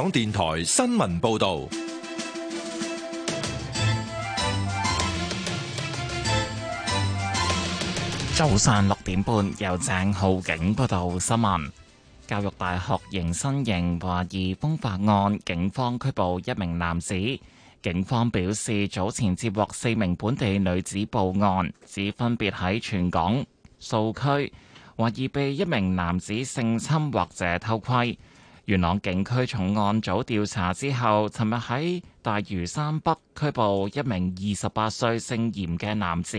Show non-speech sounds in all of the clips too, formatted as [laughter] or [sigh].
港電台新聞報道，早上六點半由鄭浩景報道新聞。教育大學迎新營懷疑風化案，警方拘捕一名男子。警方表示，早前接獲四名本地女子報案，指分別喺全港數區懷疑被一名男子性侵或者偷窺。元朗警區重案組調查之後，尋日喺大嶼山北拘捕一名二十八歲姓嚴嘅男子，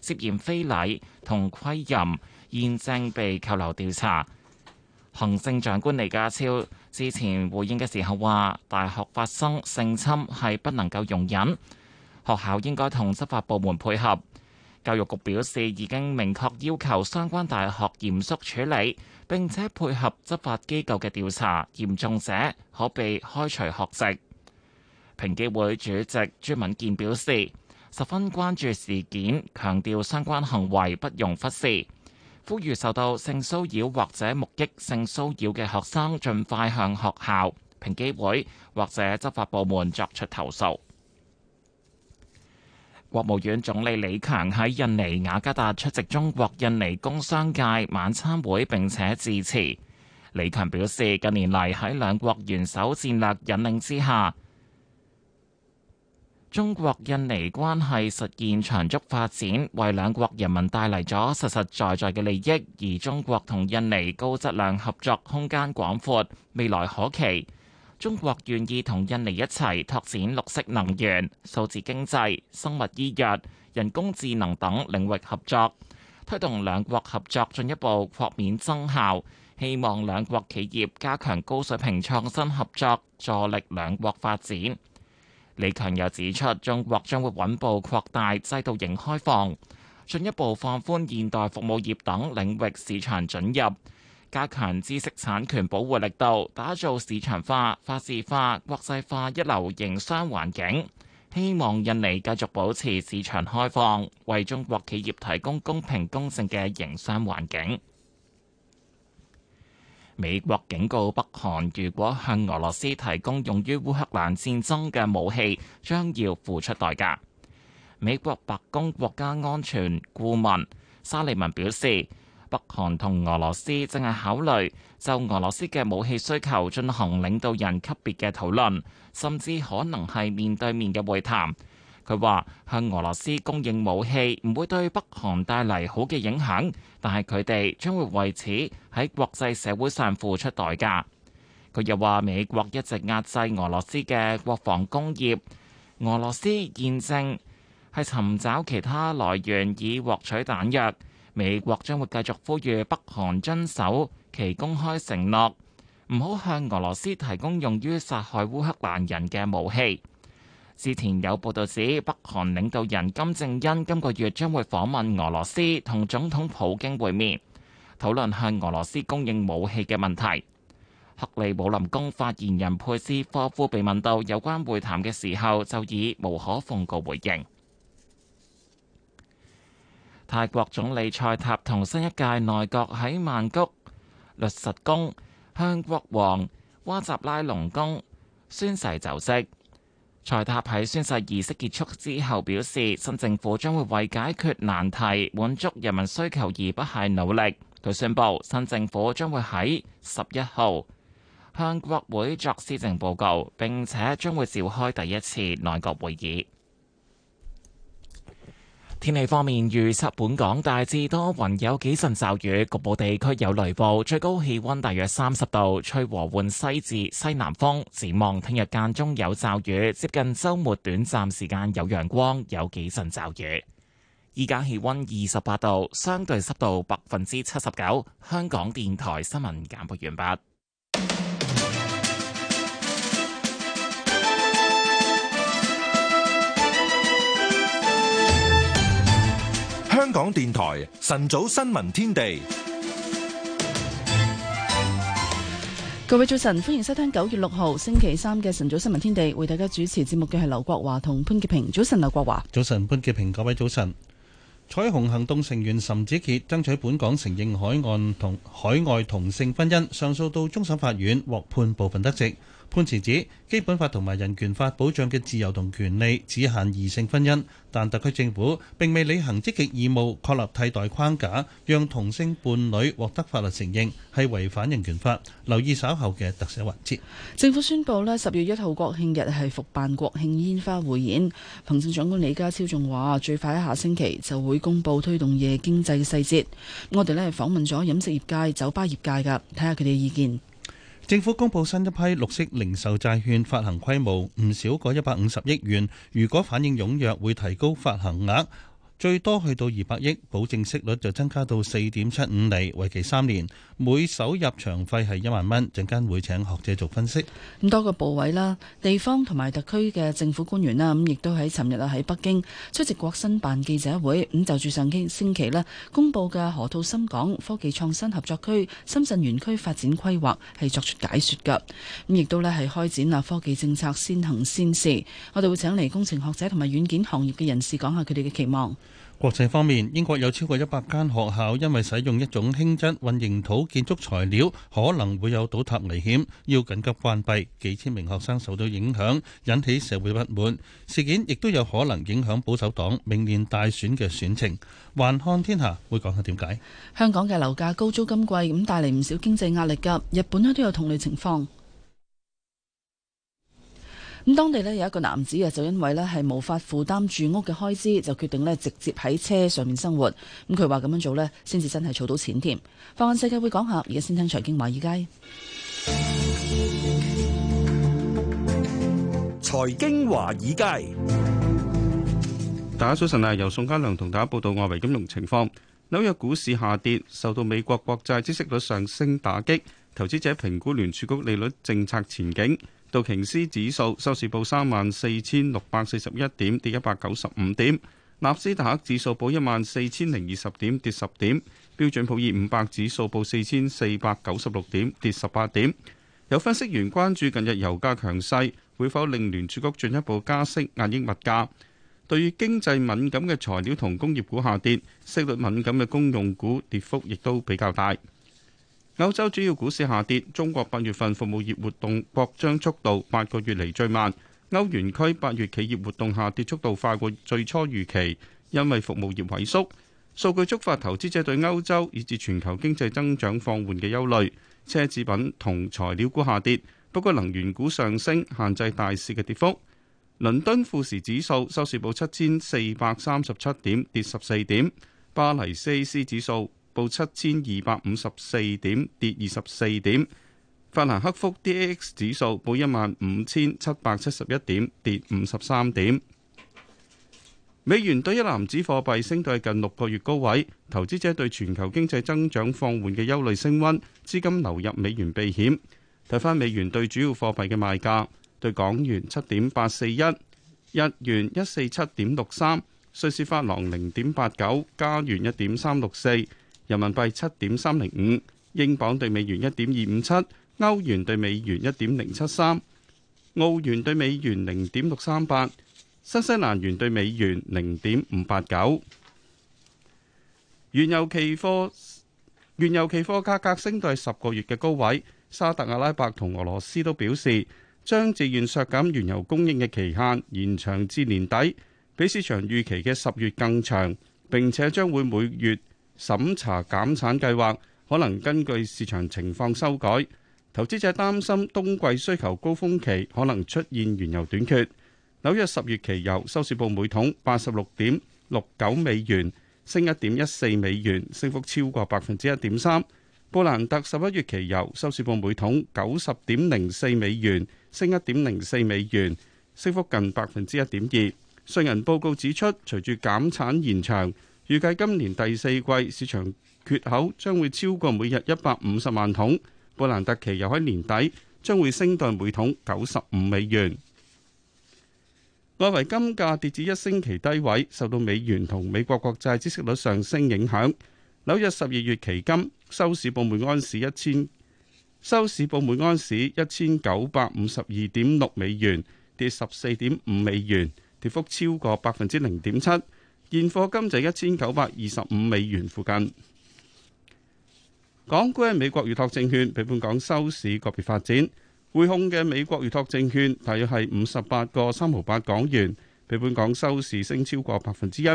涉嫌非禮同窺淫，現正被扣留調查。行政長官李家超之前回應嘅時候話：大學發生性侵係不能夠容忍，學校應該同執法部門配合。教育局表示，已經明確要求相關大學嚴肅處理，並且配合執法機構嘅調查。嚴重者可被開除學籍。平機會主席朱敏健表示，十分關注事件，強調相關行為不容忽視，呼籲受到性騷擾或者目擊性騷擾嘅學生，盡快向學校、平機會或者執法部門作出投訴。國務院總理李強喺印尼雅加達出席中國印尼工商界晚餐會，並且致辭。李強表示，近年嚟喺兩國元首戰略引領之下，中國印尼關係實現長足發展，為兩國人民帶嚟咗實實在在嘅利益，而中國同印尼高質量合作空間廣闊，未來可期。中國願意同印尼一齊拓展綠色能源、數字經濟、生物醫藥、人工智能等領域合作，推動兩國合作進一步擴面增效。希望兩國企業加強高水平創新合作，助力兩國發展。李強又指出，中國將會穩步擴大制度型開放，進一步放寬現代服務業等領域市場准入。加強知識產權保護力度，打造市場化、法治化、國際化一流營商環境，希望印尼繼續保持市場開放，為中國企業提供公平公正嘅營商環境。美國警告北韓，如果向俄羅斯提供用於烏克蘭戰爭嘅武器，將要付出代價。美國白宮國家安全顧問沙利文表示：北韓同俄羅斯正係考慮就俄羅斯嘅武器需求進行領導人級別嘅討論，甚至可能係面對面嘅會談。佢話向俄羅斯供應武器唔會對北韓帶嚟好嘅影響，但係佢哋將會為此喺國際社會上付出代價。佢又話美國一直壓制俄羅斯嘅國防工業，俄羅斯現正係尋找其他來源以獲取彈藥。美國將會繼續呼籲北韓遵守其公開承諾，唔好向俄羅斯提供用於殺害烏克蘭人嘅武器。事前有報道指，北韓領導人金正恩今個月將會訪問俄羅斯，同總統普京會面，討論向俄羅斯供應武器嘅問題。克里姆林宮發言人佩斯科夫被問到有關會談嘅時候，就以無可奉告回應。泰國總理蔡塔同新一屆內閣喺曼谷律實宮向國王哇集拉隆功宣誓就職。蔡塔喺宣誓儀式結束之後表示，新政府將會為解決難題、滿足人民需求而不懈努力。佢宣佈，新政府將會喺十一號向國會作施政報告，並且將會召開第一次內閣會議。天氣方面，預測本港大致多雲，有幾陣驟雨，局部地區有雷暴，最高氣溫大約三十度，吹和緩西至西南風。展望聽日間中有驟雨，接近周末短暫時間有陽光，有幾陣驟雨。依家氣溫二十八度，相對濕度百分之七十九。香港電台新聞簡報完畢。香港電台晨早新聞天地，各位早晨，歡迎收聽九月六號星期三嘅晨早新聞天地，為大家主持節目嘅係劉國華同潘潔平。早晨，劉國華。早晨，潘潔平。各位早晨。彩虹行動成員岑子杰爭取本港承認海岸同海外同性婚姻，上訴到終審法院，獲判部分得直。判詞指，基本法同埋人權法保障嘅自由同權利只限異性婚姻，但特區政府並未履行積極義務確立替代框架，讓同性伴侶獲得法律承認，係違反人權法。留意稍後嘅特寫環節。政府宣布咧十月一號國慶日係復辦國慶煙花匯演，行政長官李家超仲話，最快下星期就會公佈推動夜經濟嘅細節。我哋咧訪問咗飲食業界、酒吧業界㗎，睇下佢哋嘅意見。政府公布新一批綠色零售債券發行規模，唔少過一百五十億元。如果反應踴躍，會提高發行額。最多去到二百億，保證息率就增加到四點七五厘，為期三年。每手入場費係一萬蚊，陣間會請學者做分析。咁多個部委啦、地方同埋特區嘅政府官員啦，咁亦都喺尋日啊喺北京出席國新辦記者會。咁就住上期星期咧，公布嘅河套深港科技創新合作區深圳園區發展規劃係作出解說㗎。咁亦都咧係開展啊科技政策先行先試。我哋會請嚟工程學者同埋軟件行業嘅人士講下佢哋嘅期望。國際方面，英國有超過一百間學校因為使用一種輕質混凝土建築材料可能會有倒塌危險，要緊急關閉，幾千名學生受到影響，引起社會不滿。事件亦都有可能影響保守黨明年大選嘅選情。環看天下會講下點解，香港嘅樓價高，租金貴，咁帶嚟唔少經濟壓力噶。日本呢都有同類情況。咁當地咧有一個男子啊，就因為咧係無法負擔住屋嘅開支，就決定咧直接喺車上面生活。咁佢話咁樣做咧，先至真係儲到錢添。放眼世界會講下。而家先聽財經華爾街。財經華爾街，大家早晨啊！由宋嘉良同大家報道外圍金融情況。紐約股市下跌，受到美國國債孳息率上升打擊，投資者評估聯儲局利率政策前景。道瓊斯指數收市報三萬四千六百四十一點，跌一百九十五點。納斯達克指數報一萬四千零二十點，跌十點。標準普爾五百指數報四千四百九十六點，跌十八點。有分析員關注近日油價強勢，會否令聯儲局進一步加息壓抑物價？對於經濟敏感嘅材料同工業股下跌，息率敏感嘅公用股跌幅亦都比較大。歐洲主要股市下跌，中國八月份服務業活動擴張速度八個月嚟最慢。歐元區八月企業活動下跌速度快過最初預期，因為服務業萎縮。數據觸發投資者對歐洲以至全球經濟增長放緩嘅憂慮，奢侈品同材料股下跌，不過能源股上升，限制大市嘅跌幅。倫敦富時指數收市報七千四百三十七點，跌十四點。巴黎 CAC 指數，報七千二百五十四點，跌二十四點。法蘭克福 DAX 指數報一萬五千七百七十一點，跌五十三點。美元對一籃子貨幣升到近六個月高位，投資者對全球經濟增長放緩嘅憂慮升温，資金流入美元避險。睇返美元對主要貨幣嘅賣價：對港元七點八四一，日元一四七點六三，瑞士法郎零點八九，加元一點三六四。人民幣七點三零五，英鎊兌美元一點二五七，歐元兌美元一點零七三，澳元兌美元零點六三八，新西蘭元兌美元零點五八九。原油期貨原油期貨價格升到十個月嘅高位。沙特阿拉伯同俄羅斯都表示，將自願削減原油供應嘅期限延長至年底，比市場預期嘅十月更長，並且將會每月。審查減產計劃，可能根據市場情況修改。投資者擔心冬季需求高峰期可能出現原油短缺。紐約十月期油收市報每桶八十六點六九美元，升一點一四美元，升幅超過百分之一點三。布蘭特十一月期油收市報每桶九十點零四美元，升一點零四美元，升幅近百分之一點二。瑞銀報告指出，隨住減產延長。預計今年第四季市場缺口將會超過每日一百五十萬桶，布蘭特期油喺年底將會升到每桶九十五美元。外圍金價跌至一星期低位，受到美元同美國國債孳息率上升影響。紐約十二月期金收市報每安士一千，收市報每安士一千九百五十二點六美元，跌十四點五美元，跌幅超過百分之零點七。現貨金就一千九百二十五美元附近。港股嘅美國預託證券被本港收市個別發展，匯控嘅美國預託證券大約係五十八個三毫八港元，被本港收市升超過百分之一。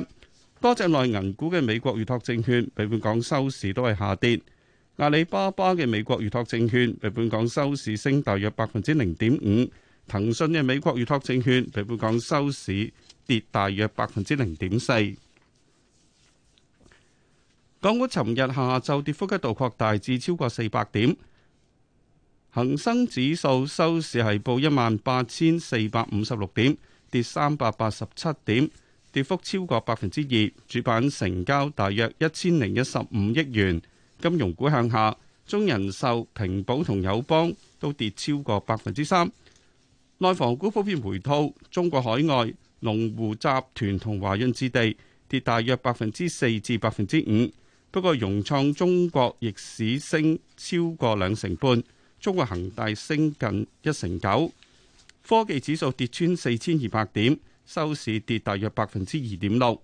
多隻內銀股嘅美國預託證券被本港收市都係下跌。阿里巴巴嘅美國預託證券被本港收市升大約百分之零點五。騰訊嘅美國預託證券被本港收市跌大約百分之零點四。港股尋日下晝跌幅一度擴大至超過四百點，恒生指數收市係報一萬八千四百五十六點，跌三百八十七點，跌幅超過百分之二。主板成交大約一千零一十五億元。金融股向下，中人壽、平保同友邦都跌超過百分之三。內房股普遍回吐，中國海外，龍湖集團同華潤置地跌大約百分之四至百分之五，不過融創中國逆市升超過兩成半，中國恒大升近一成九。科技指數跌穿四千二百點，收市跌大約百分之二點六。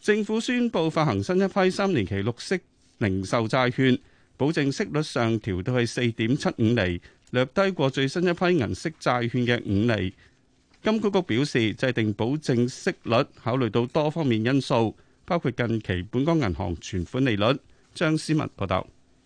政府宣布發行新一批三年期綠色零售債券，保證息率上調到去四點七五厘，略低過最新一批銀色債券嘅五厘。金管局表示，制定保證息率考慮到多方面因素，包括近期本港銀行存款利率。張思文報道，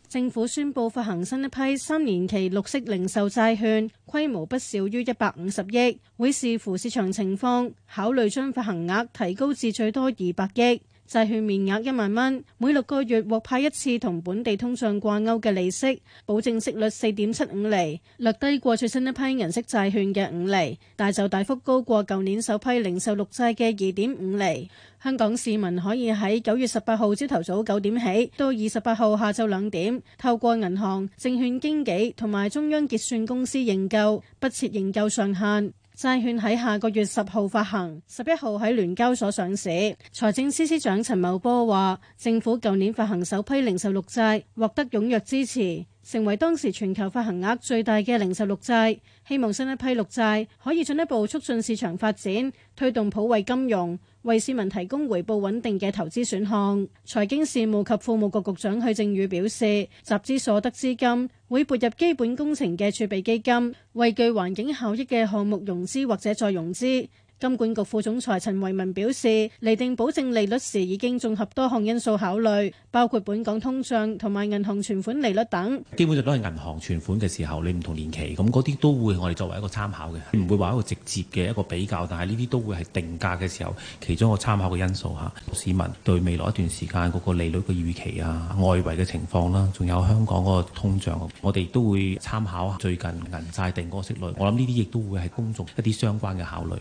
政府宣布發行新一批三年期綠色零售債券，規模不少於一百五十億，會視乎市場情況考慮將發行額提高至最多二百億。債券面額一萬蚊，每六個月獲派一次同本地通脹掛鈎嘅利息，保證息率四點七五厘，略低過最新一批銀色債券嘅五厘，但就大幅高過舊年首批零售綠債嘅二點五厘。香港市民可以喺九月十八號朝頭早九點起，到二十八號下晝兩點，透過銀行、證券經紀同埋中央結算公司認購，不設認購上限。債券喺下個月十號發行，十一號喺聯交所上市。財政司司長陳茂波話，政府舊年發行首批零售綠債，獲得踴躍支持，成為當時全球發行額最大嘅零售綠債。希望新一批綠債可以進一步促進市場發展，推動普惠金融。為市民提供回報穩定嘅投資選項。財經事務及庫務局局長許正宇表示，集資所得資金會撥入基本工程嘅儲備基金，為具環境效益嘅項目融資或者再融資。金管局副總裁陳慧文表示，釐定保證利率時已經綜合多項因素考慮，包括本港通脹同埋銀行存款利率等。基本上都係銀行存款嘅時候，你唔同年期，咁嗰啲都會我哋作為一個參考嘅，唔會話一個直接嘅一個比較，但係呢啲都會係定價嘅時候，其中一個參考嘅因素吓。市民對未來一段時間嗰個利率嘅預期啊，外圍嘅情況啦、啊，仲有香港嗰個通脹，我哋都會參考下最近銀債定個息率。我諗呢啲亦都會係公眾一啲相關嘅考慮。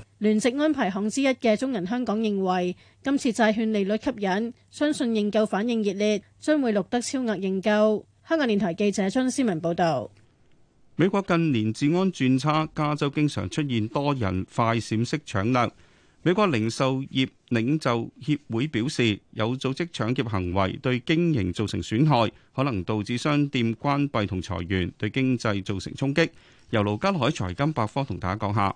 安排行之一嘅中銀香港認為，今次債券利率吸引，相信認購反應熱烈，將會錄得超額認購。香港電台記者張思文報道。美國近年治安轉差，加州經常出現多人快閃式搶掠。美國零售業領袖協會表示，有組織搶劫行為對經營造成損害，可能導致商店關閉同裁員，對經濟造成衝擊。由盧家海、財金百科同大家講下。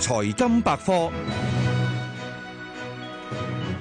財金百科。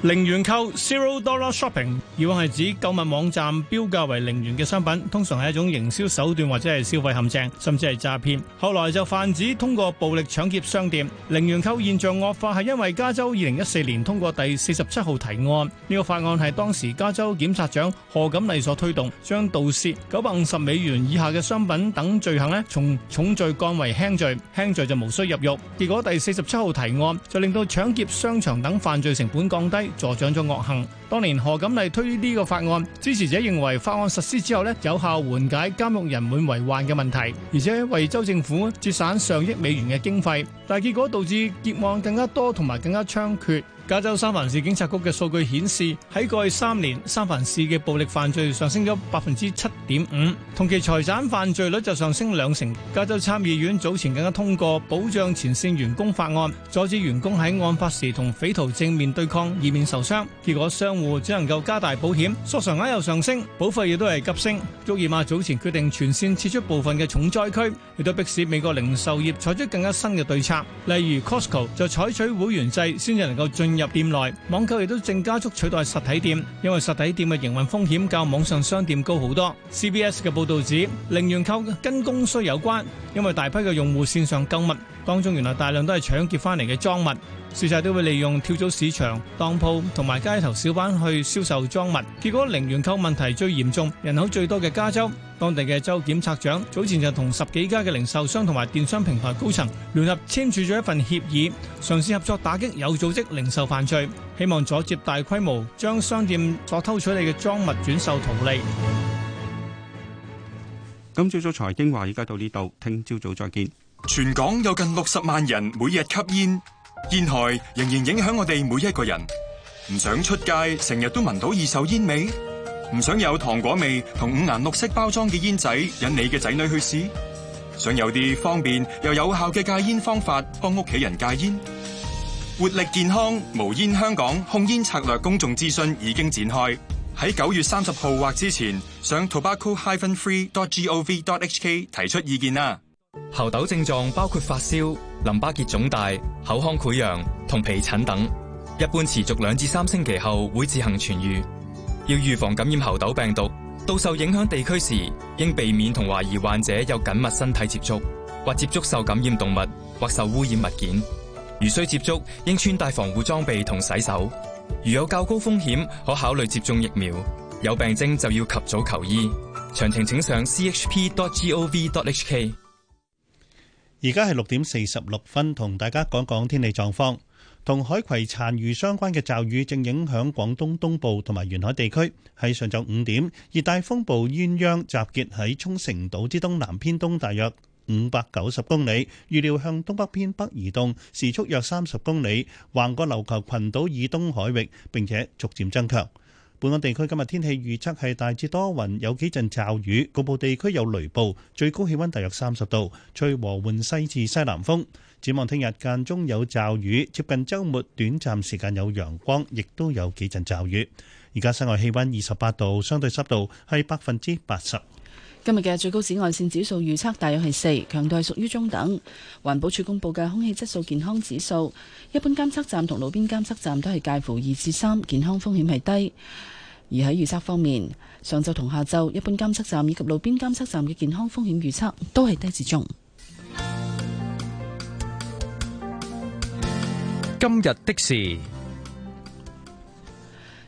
零元購 （zero dollar shopping） 以往係指購物網站標價為零元嘅商品，通常係一種營銷手段或者係消費陷阱，甚至係詐騙。後來就泛指通過暴力搶劫商店。零元購現象惡化係因為加州二零一四年通過第四十七號提案，呢、這個法案係當時加州檢察長賀錦麗所推動，將盜竊九百五十美元以下嘅商品等罪行咧從重罪降為輕罪，輕罪就無需入獄。結果第四十七號提案就令到搶劫商場等犯罪成本降低。助長咗惡行。當年何錦麗推呢個法案，支持者認為法案實施之後咧，有效緩解監獄人滿為患嘅問題，而且為州政府節省上，上億美元嘅經費。但係結果導致劫案更加多更，同埋更加猖獗。加州三藩市警察局嘅數據顯示，喺過去三年，三藩市嘅暴力犯罪上升咗百分之七點五，同期財產犯罪率就上升兩成。加州參議院早前更加通過保障前線員工法案，阻止員工喺案發時同匪徒正面對抗以免受傷，結果商戶只能夠加大保險，索償額又上升，保費亦都係急升。沃爾瑪早前決定全線撤出部分嘅重災區，亦都迫使美國零售業採取更加新嘅對策，例如 Costco 就採取會員制，先至能夠進。入店內，網購亦都正加速取代實體店，因為實體店嘅營運風險較網上商店高好多。CBS 嘅報道指，零元購跟供需有關，因為大批嘅用戶綫上購物當中，原來大量都係搶劫翻嚟嘅贓物。事實都會利用跳蚤市場、當鋪同埋街頭小販去銷售贓物，結果零元購問題最嚴重。人口最多嘅加州，當地嘅州檢察長早前就同十幾家嘅零售商同埋電商平台高層聯合簽署咗一份協議，嘗試合作打擊有組織零售犯罪，希望阻截大規模將商店所偷取你嘅贓物轉售圖利。今朝早，財經話：，依家到呢度，聽朝早再見。全港有近六十萬人每日吸煙。煙害仍然影響我哋每一個人，唔想出街成日都聞到二手煙味，唔想有糖果味同五顏六色包裝嘅煙仔引你嘅仔女去試，想有啲方便又有效嘅戒煙方法幫屋企人戒煙。活力健康無煙香港控煙策略公眾諮詢已經展開，喺九月三十號或之前上 tobacco-free.gov.hk 提出意見啦。猴痘症狀包括發燒、淋巴結腫大、口腔潰瘍同皮疹等，一般持續兩至三星期後會自行痊癒。要預防感染猴痘病毒，到受影響地區時，應避免同懷疑患者有緊密身體接觸，或接觸受感染動物，或受污染物件。如需接觸，應穿戴防護裝備同洗手。如有較高風險，可考慮接種疫苗。有病徵就要及早求醫。詳情請上 chp.gov.hk。而家係六點四十六分，同大家講講天氣狀況。同海葵殘餘相關嘅驟雨正影響廣東東部同埋沿海地區。喺上晝五點，熱帶風暴鴛鴦集結喺沖繩島之東南偏東大約五百九十公里，預料向東北偏北移動，時速約三十公里，橫過琉球群島以東海域，並且逐漸增強。本港地區今日天氣預測係大致多雲，有幾陣驟雨，局部地區有雷暴，最高氣溫大約三十度，吹和緩西至西南風。展望聽日間中有驟雨，接近周末短暫時間有陽光，亦都有幾陣驟雨。而家室外氣温二十八度，相對濕度係百分之八十。今日嘅最高紫外線指數預測大約係四，強度係屬於中等。環保署公布嘅空氣質素健康指數，一般監測站同路邊監測站都係介乎二至三，健康風險係低。而喺預測方面，上晝同下晝，一般監測站以及路邊監測站嘅健康風險預測都係低至中。今日的事。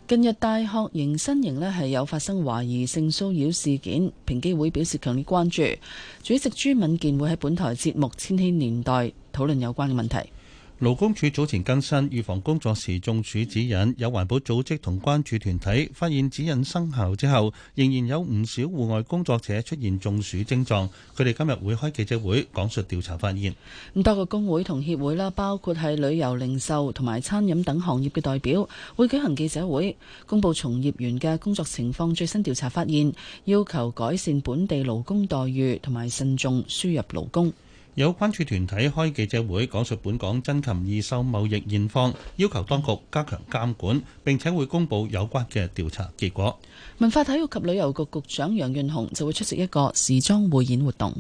近日大學迎新營呢係有發生懷疑性騷擾事件，平機會表示強烈關注。主席朱敏健會喺本台節目《千禧年代》討論有關嘅問題。勞工處早前更新預防工作時中暑指引，有環保組織同關注團體發現指引生效之後，仍然有唔少戶外工作者出現中暑症狀。佢哋今日會開記者會講述調查發現。咁多個工會同協會啦，包括係旅遊、零售同埋餐飲等行業嘅代表，會舉行記者會，公布從業員嘅工作情況最新調查發現，要求改善本地勞工待遇同埋慎重輸入勞工。有關注團體開記者會，講述本港珍禽異獸貿易現況，要求當局加強監管，並且會公佈有關嘅調查結果。文化體育及旅遊局局長楊潤雄就會出席一個時裝匯演活動。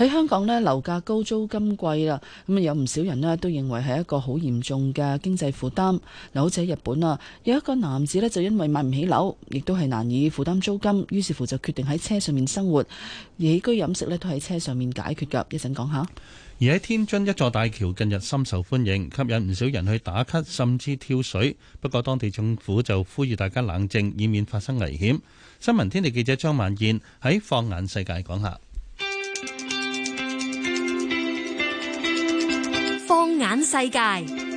喺香港咧，樓價高、租金貴啦，咁啊有唔少人咧都認為係一個好嚴重嘅經濟負擔。嗱，好似喺日本啊，有一個男子咧就因為買唔起樓，亦都係難以負擔租金，於是乎就決定喺車上面生活，而起居飲食咧都喺車上面解決㗎。一陣講下。而喺天津一座大橋近日深受歡迎，吸引唔少人去打卡，甚至跳水。不過當地政府就呼籲大家冷靜，以免發生危險。新聞天地記者張萬燕喺放眼世界講下。放眼世界。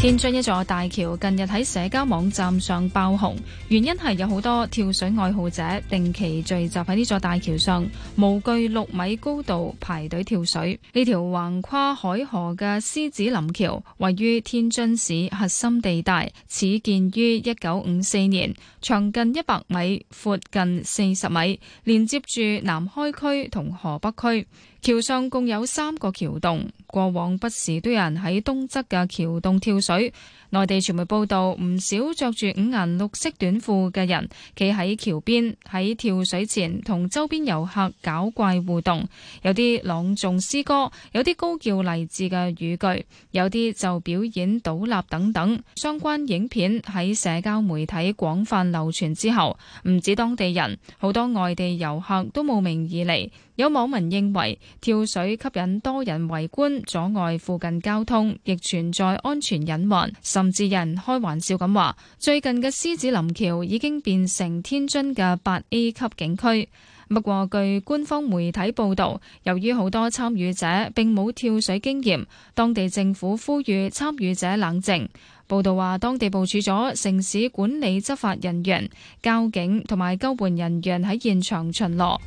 天津一座大橋近日喺社交網站上爆紅，原因係有好多跳水愛好者定期聚集喺呢座大橋上，無懼六米高度排隊跳水。呢條橫跨海河嘅獅子林橋，位於天津市核心地帶，始建於一九五四年，長近一百米，闊近四十米，連接住南開區同河北區。橋上共有三個橋洞，過往不時都有人喺東側嘅橋洞跳水。內地傳媒報道，唔少着住五顏六色短褲嘅人企喺橋邊，喺跳水前同周邊遊客搞怪互動，有啲朗誦詩歌，有啲高叫勵志嘅語句，有啲就表演倒立等等。相關影片喺社交媒體廣泛流傳之後，唔止當地人，好多外地遊客都慕名而嚟。有網民認為跳水吸引多人圍觀，阻礙附近交通，亦存在安全隱患，甚至人開玩笑咁話：最近嘅獅子林橋已經變成天津嘅八 A 級景區。不過據官方媒體報道，由於好多參與者並冇跳水經驗，當地政府呼籲參與者冷靜。報道話，當地部署咗城市管理執法人員、交警同埋救援人員喺現場巡邏。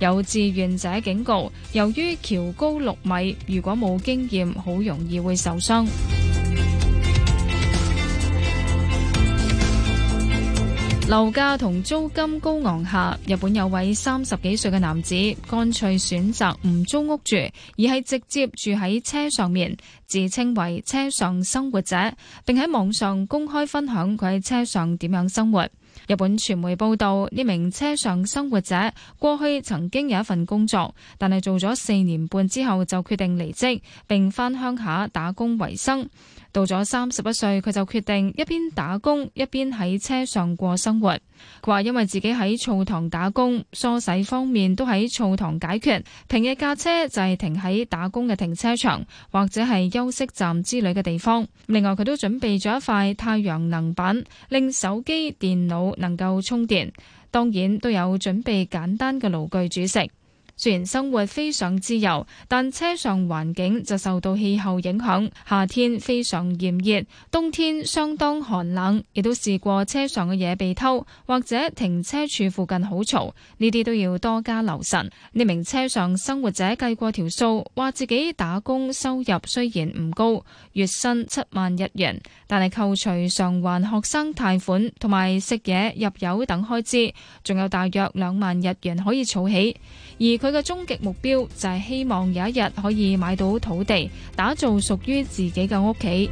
有志願者警告，由於橋高六米，如果冇經驗，好容易會受傷。樓價同租金高昂下，日本有位三十幾歲嘅男子，乾脆選擇唔租屋住，而係直接住喺車上面，自稱為車上生活者，並喺網上公開分享佢喺車上點樣生活。日本傳媒報道，呢名車上生活者過去曾經有一份工作，但係做咗四年半之後就決定離職，並返鄉下打工為生。到咗三十一歲，佢就決定一邊打工一邊喺車上過生活。佢話因為自己喺澡堂打工，梳洗方面都喺澡堂解決。平日駕車就係停喺打工嘅停車場或者係休息站之類嘅地方。另外，佢都準備咗一塊太陽能板，令手機、電腦能夠充電。當然都有準備簡單嘅爐具煮食。雖然生活非常自由，但車上環境就受到氣候影響。夏天非常炎熱，冬天相當寒冷，亦都試過車上嘅嘢被偷，或者停車處附近好嘈。呢啲都要多加留神。呢名車上生活者計過條數，話自己打工收入雖然唔高，月薪七萬日元，但係扣除償還學生貸款同埋食嘢、入油等開支，仲有大約兩萬日元可以儲起。而佢嘅終極目標就係希望有一日可以買到土地，打造屬於自己嘅屋企。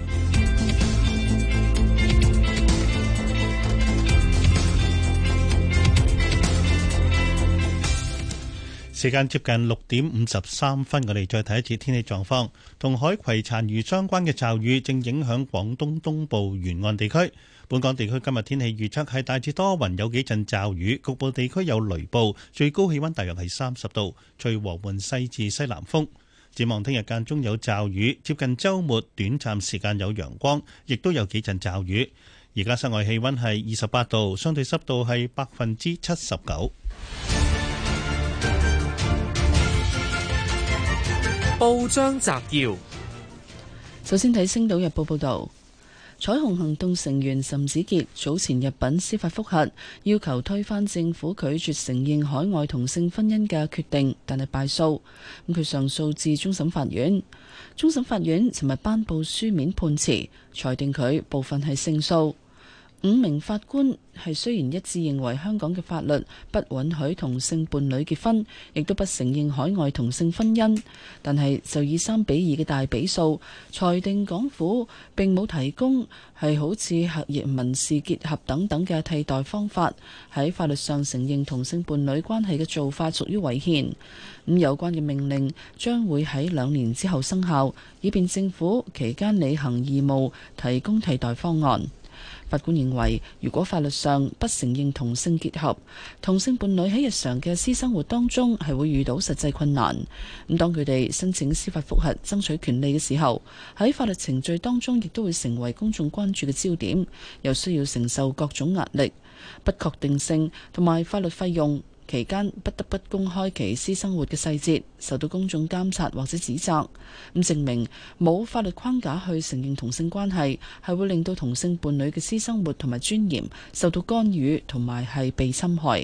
時間接近六點五十三分，我哋再睇一次天氣狀況。同海葵殘餘相關嘅驟雨正影響廣東東部沿岸地區。本港地區今日天氣預測係大致多雲，有幾陣驟雨，局部地區有雷暴，最高氣温大約係三十度，吹和緩西至西南風。展望聽日間中有驟雨，接近周末短暫時間有陽光，亦都有幾陣驟雨。而家室外氣温係二十八度，相對濕度係百分之七十九。報章摘要，首先睇《星島日報》報道。彩虹行動成員岑子傑早前入禀司法覆核，要求推翻政府拒絕承認海外同性婚姻嘅決定，但係敗訴。咁佢上訴至終審法院，終審法院尋日頒布書面判詞，裁定佢部分係勝訴。五名法官係雖然一致認為香港嘅法律不允許同性伴侶結婚，亦都不承認海外同性婚姻，但係就以三比二嘅大比數裁定，港府並冇提供係好似合業民事結合等等嘅替代方法，喺法律上承認同性伴侶關係嘅做法屬於違憲。咁有關嘅命令將會喺兩年之後生效，以便政府期間履行義務，提供替代方案。法官認為，如果法律上不承認同性結合，同性伴侶喺日常嘅私生活當中係會遇到實際困難。咁當佢哋申請司法覆核、爭取權利嘅時候，喺法律程序當中亦都會成為公眾關注嘅焦點，又需要承受各種壓力、不確定性同埋法律費用。期間不得不公開其私生活嘅細節，受到公眾監察或者指責，咁，證明冇法律框架去承認同性關係，係會令到同性伴侶嘅私生活同埋尊嚴受到干預同埋係被侵害。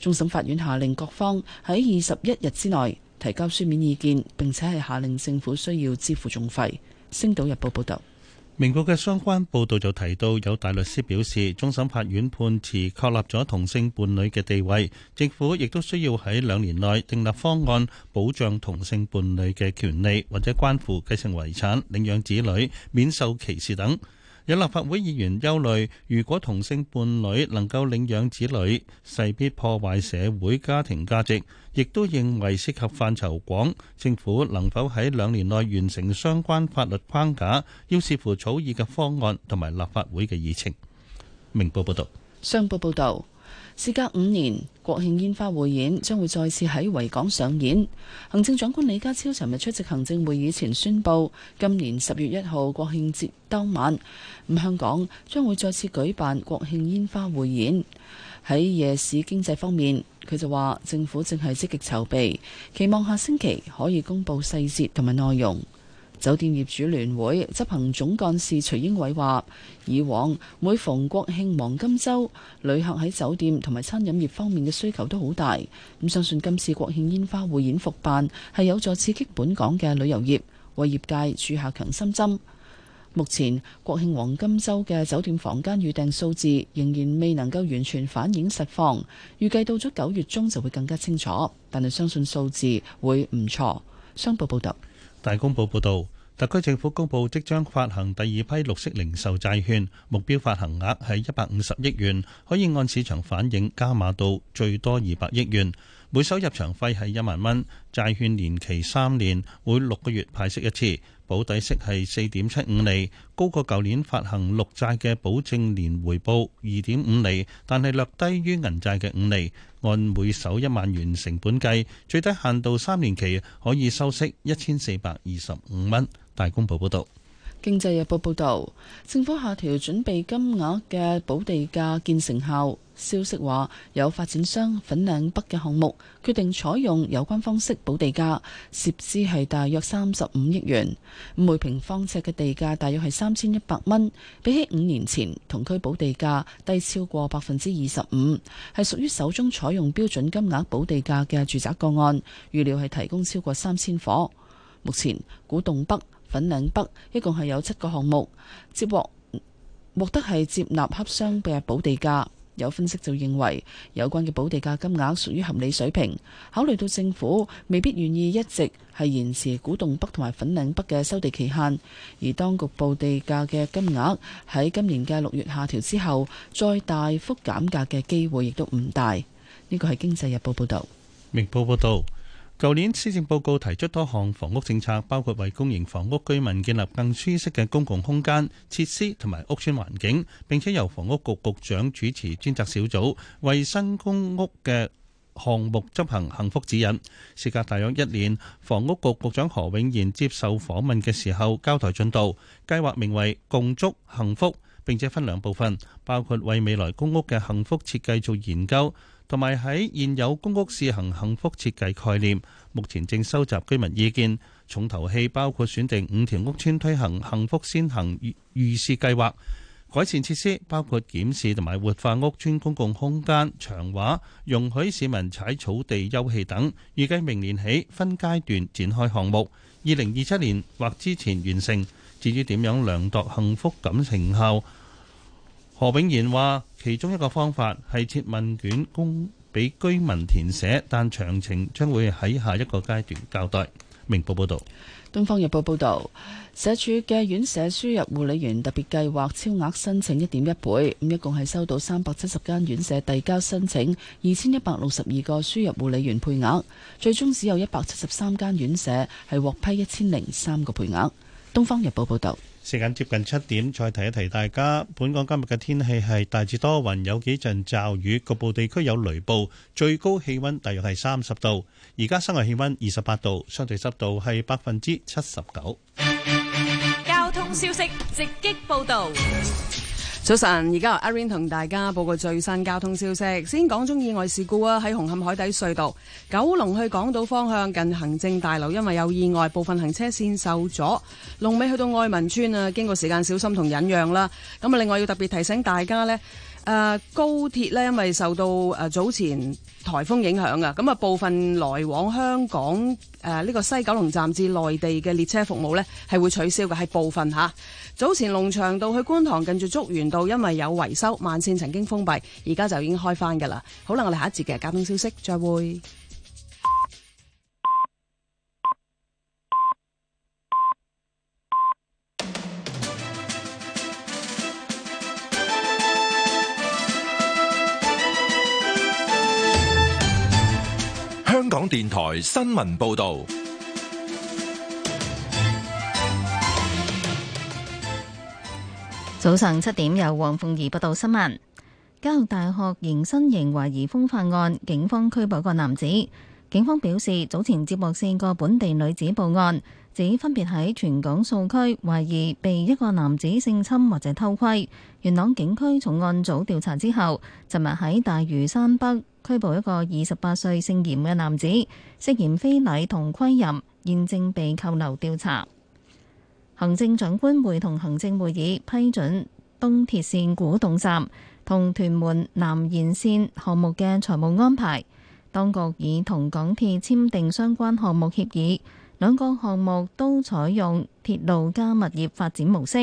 終審法院下令各方喺二十一日之內提交書面意見，並且係下令政府需要支付訟費。《星島日報》報道。明報嘅相關報道就提到，有大律師表示，終審法院判詞確立咗同性伴侶嘅地位，政府亦都需要喺兩年內訂立方案保障同性伴侶嘅權利，或者關乎繼承遺產、領養子女、免受歧視等。有立法會議員憂慮，如果同性伴侶能夠領養子女，勢必破壞社會家庭價值。亦都認為涉及範疇廣，政府能否喺兩年內完成相關法律框架，要視乎草擬嘅方案同埋立法會嘅議程。明報報道，商報報導，事隔五年，國慶煙花匯演將會再次喺維港上演。行政長官李家超尋日出席行政會議前宣布，今年十月一號國慶節當晚，咁香港將會再次舉辦國慶煙花匯演。喺夜市經濟方面。佢就話：政府正係積極籌備，期望下星期可以公布細節同埋內容。酒店業主聯會執行總幹事徐英偉話：以往每逢國慶黃金周，旅客喺酒店同埋餐飲業方面嘅需求都好大，咁相信今次國慶煙花匯演復辦係有助刺激本港嘅旅遊業，為業界注下強心針。目前國慶黃金周嘅酒店房間預訂數字仍然未能夠完全反映實況，預計到咗九月中就會更加清楚，但係相信數字會唔錯。商報報道，大公報報道，特區政府公布即將發行第二批綠色零售債券，目標發行額係一百五十億元，可以按市場反映加碼到最多二百億元。每手入場費係一萬蚊，債券年期三年，每六個月派息一次，保底息係四點七五厘。高過舊年發行綠債嘅保證年回報二點五厘，但係略低於銀債嘅五厘。按每手一萬元成本計，最低限度三年期可以收息一千四百二十五蚊。大公報報道。經濟日報報導，政府下調準備金額嘅補地價見成效。消息話，有發展商粉嶺北嘅項目決定採用有關方式補地價，涉資係大約三十五億元，每平方尺嘅地價大約係三千一百蚊，比起五年前同區補地價低超過百分之二十五，係屬於首宗採用標準金額補地價嘅住宅個案，預料係提供超過三千伙。目前古洞北，粉嶺北一共係有七個項目接獲獲得係接納洽商並補地價，有分析就認為有關嘅補地價金額屬於合理水平。考慮到政府未必願意一直係延遲古洞北同埋粉嶺北嘅收地期限，而當局補地價嘅金額喺今年嘅六月下調之後再大幅減價嘅機會亦都唔大。呢個係《經濟日報》報道，《明報》報道。舊年施政報告提出多項房屋政策，包括為公營房屋居民建立更舒適嘅公共空間、設施同埋屋邨環境，並且由房屋局局長主持專責小組，為新公屋嘅項目執行幸福指引，時隔大約一年，房屋局局長何永賢接受訪問嘅時候交代進度，計劃名為「共築幸福」，並且分兩部分，包括為未來公屋嘅幸福設計做研究。同埋喺現有公屋試行幸福設計概念，目前正收集居民意見。重頭戲包括選定五條屋邨推行幸福先行預試計劃，改善設施包括檢視同埋活化屋邨公共空間牆畫，容許市民踩草地休憩等。預計明年起分階段展開項目，二零二七年或之前完成。至於點樣量度幸福感成效？何炳賢話，其中一個方法係設問卷供俾居民填寫，但詳情將會喺下一個階段交代。明報報道。《東方日報》報道，社署嘅院舍輸入護理員特別計劃超額申請一點一倍，咁一共係收到三百七十間院舍遞交申請二千一百六十二個輸入護理員配額，最終只有一百七十三間院舍係獲批一千零三個配額。《東方日報》報道。時間接近七點，再提一提大家。本港今日嘅天氣係大致多雲，有幾陣驟雨，局部地區有雷暴。最高氣溫大約係三十度，而家室外氣溫二十八度，相對濕度係百分之七十九。交通消息，直擊報道。早晨，而家阿 rain 同大家報告最新交通消息。先講中意外事故啊，喺紅磡海底隧道九龍去港島方向近行政大樓，因為有意外，部分行車線受阻。龍尾去到愛民村啊，經過時間小心同忍讓啦。咁啊，另外要特別提醒大家呢。誒、呃，高鐵咧，因為受到誒、呃、早前台風影響啊，咁、呃、啊部分來往香港誒呢、呃這個西九龍站至內地嘅列車服務咧係會取消嘅，係部分吓。早前龍翔道去觀塘近住竹園道，因為有維修，慢綫曾經封閉，而家就已經開翻噶啦。好啦，我哋下一節嘅交通消息，再會。香港電台新聞報道，早上七點由黃鳳儀報道新聞。教育大學迎新營懷疑風化案，警方拘捕個男子。警方表示，早前接獲四個本地女子報案。指分別喺全港數區懷疑被一個男子性侵或者偷窺，元朗警區重案組調查之後，尋日喺大嶼山北拘捕一個二十八歲姓嚴嘅男子，涉嫌非禮同窺淫，現正被扣留調查。行政長官會同行政會議批准東鐵線古洞站同屯門南延線項目嘅財務安排。當局已同港鐵簽訂相關項目協議。兩個項目都採用鐵路加物業發展模式，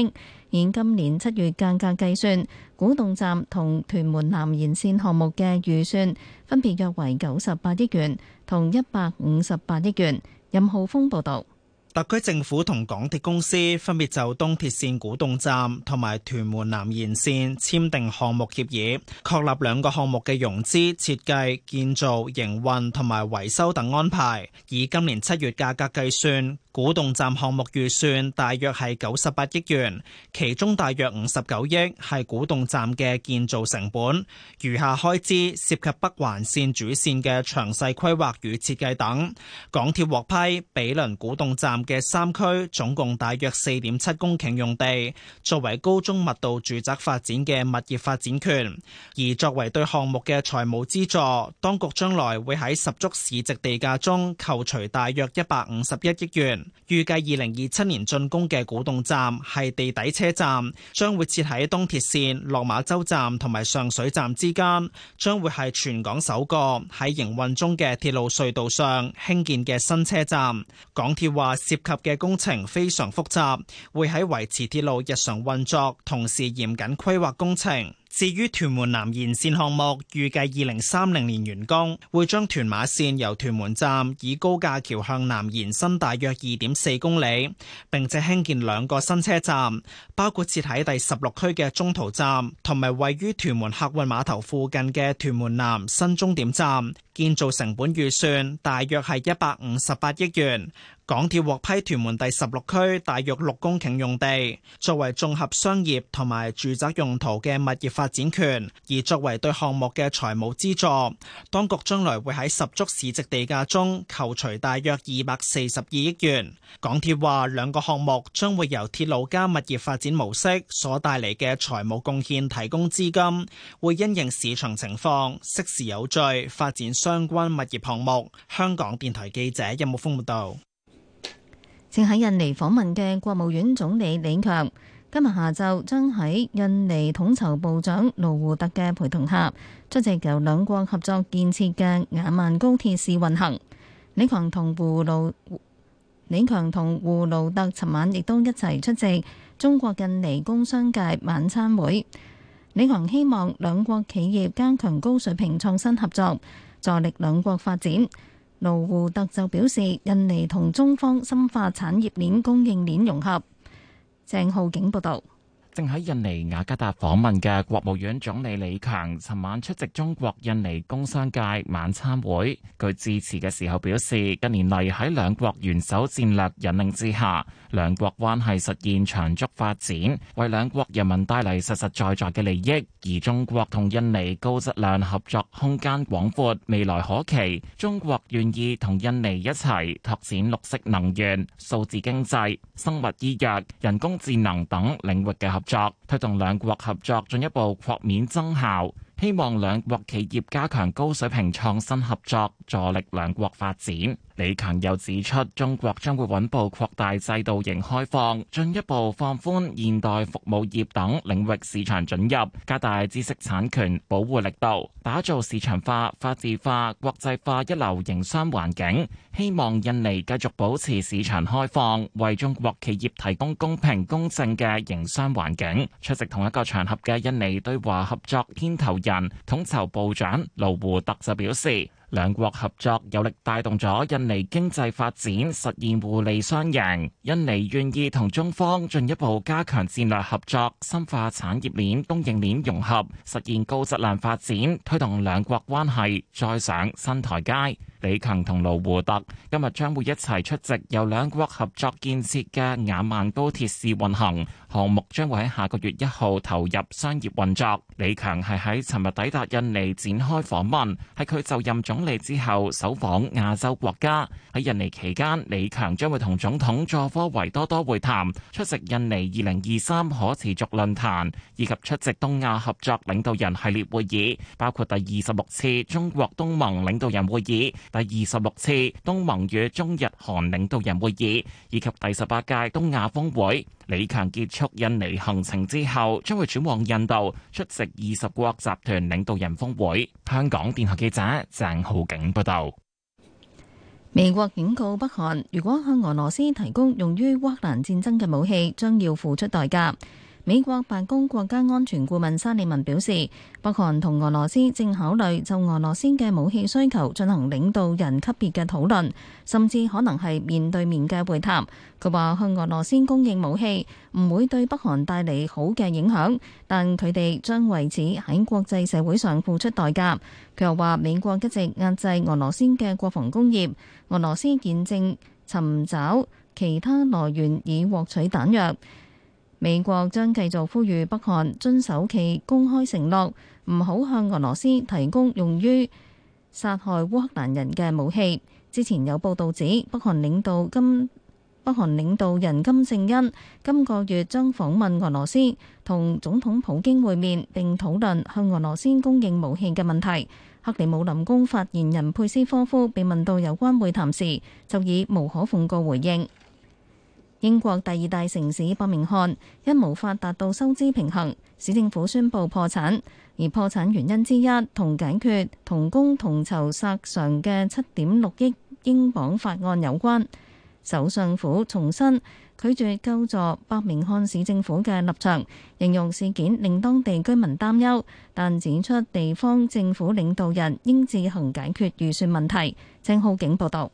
以今年七月價格計算，古洞站同屯門南延線項目嘅預算分別約為九十八億元同一百五十八億元。任浩峰報導。特區政府同港鐵公司分別就東鐵綫古洞站同埋屯門南延綫簽訂項目協議，確立兩個項目嘅融資、設計、建造、營運同埋維修等安排，以今年七月價格計算。古洞站項目預算大約係九十八億元，其中大約五十九億係古洞站嘅建造成本，餘下開支涉及北環綫主綫嘅詳細規劃與設計等。港鐵獲批毗鄰古洞站嘅三區，總共大約四點七公頃用地，作為高中密度住宅發展嘅物業發展權。而作為對項目嘅財務資助，當局將來會喺十足市值地價中扣除大約一百五十一億元。預計二零二七年竣工嘅古洞站係地底車站，將會設喺東鐵綫落馬洲站同埋上水站之間，將會係全港首個喺營運中嘅鐵路隧道上興建嘅新車站。港鐵話涉及嘅工程非常複雜，會喺維持鐵路日常運作同時嚴謹規劃工程。至於屯門南延線項目，預計二零三零年完工，會將屯馬線由屯門站以高架橋向南延伸大約二點四公里，並且興建兩個新車站，包括設喺第十六區嘅中途站，同埋位於屯門客運碼頭附近嘅屯門南新終點站。建造成本預算大約係一百五十八億元。港鐵獲批屯門第十六區大約六公頃用地，作為綜合商業同埋住宅用途嘅物業發展權，而作為對項目嘅財務資助，當局將來會喺十足市值地價中扣除大約二百四十二億元。港鐵話，兩個項目將會由鐵路加物業發展模式所帶嚟嘅財務貢獻提供資金，會因應市場情況適時有序發展相關物業項目。香港電台記者任木峰報道。正喺印尼訪問嘅國務院總理李強，今日下晝將喺印尼統籌部長盧胡特嘅陪同下出席由兩國合作建設嘅雅萬高鐵試運行。李強同胡盧李強同胡盧特，尋晚亦都一齊出席中國印尼工商界晚餐會。李強希望兩國企業加強高水平創新合作，助力兩國發展。盧胡特就表示，印尼同中方深化產業鏈供應鏈融合。鄭浩景報道。正喺印尼雅加達訪問嘅國務院總理李強，尋晚出席中國印尼工商界晚餐會。佢致辭嘅時候表示，近年嚟喺兩國元首戰略引領之下，兩國關係實現長足發展，為兩國人民帶嚟實實在在嘅利益。而中國同印尼高質量合作空間廣闊，未來可期。中國願意同印尼一齊拓展綠色能源、數字經濟、生物醫藥、人工智能等領域嘅合作。作推動兩國合作進一步擴面增效，希望兩國企業加強高水平創新合作，助力兩國發展。李強又指出，中國將會穩步擴大制度型開放，進一步放寬現代服務業等領域市場準入，加大知識產權保護力度，打造市場化、法治化、國際化一流營商環境。希望印尼繼續保持市場開放，為中國企業提供公平公正嘅營商環境。出席同一個場合嘅印尼對華合作牽頭人、統籌部長盧胡特就表示。兩國合作有力帶動咗印尼經濟發展，實現互利雙贏。印尼願意同中方進一步加強戰略合作，深化產業鏈、供應鏈融合，實現高質量發展，推動兩國關係再上新台階。李強同盧胡特今日將會一齊出席由兩國合作建設嘅雅萬高鐵試運行項目，將會喺下個月一號投入商業運作。李強係喺尋日抵達印尼，展開訪問，係佢就任總理之後首訪亞洲國家。喺印尼期間李強將會同總統佐科維多多會談出席印尼二零二三可持續論壇以及出席東亞合作領導人系列會議，包括第二十六次中國東盟領導人會議。第二十六次東盟與中日韓領導人會議，以及第十八屆東亞峰會。李強結束印尼行程之後，將會轉往印度出席二十國集團領導人峰會。香港電台記者鄭浩景報道。美國警告北韓，如果向俄羅斯提供用於烏克蘭戰爭嘅武器，將要付出代價。美國白宮國家安全顧問沙利文表示，北韓同俄羅斯正考慮就俄羅斯嘅武器需求進行領導人級別嘅討論，甚至可能係面對面嘅會談。佢話：向俄羅斯供應武器唔會對北韓帶嚟好嘅影響，但佢哋將為此喺國際社會上付出代價。佢又話：美國一直壓制俄羅斯嘅國防工業，俄羅斯現正尋找其他來源以獲取彈藥。美國將繼續呼籲北韓遵守其公開承諾，唔好向俄羅斯提供用於殺害烏克蘭人嘅武器。之前有報導指，北韓領導金北韓領導人金正恩今個月將訪問俄羅斯，同總統普京會面並討論向俄羅斯供應武器嘅問題。克里姆林宮發言人佩斯科夫被問到有關會談時，就以無可奉告回應。英國第二大城市伯明翰因無法達到收支平衡，市政府宣布破產。而破產原因之一同解決同工同酬索償嘅七點六億英鎊法案有關。首相府重申拒，拒絕救助伯明翰市政府嘅立場，形容事件令當地居民擔憂，但指出地方政府領導人應自行解決預算問題。鄭浩景報道。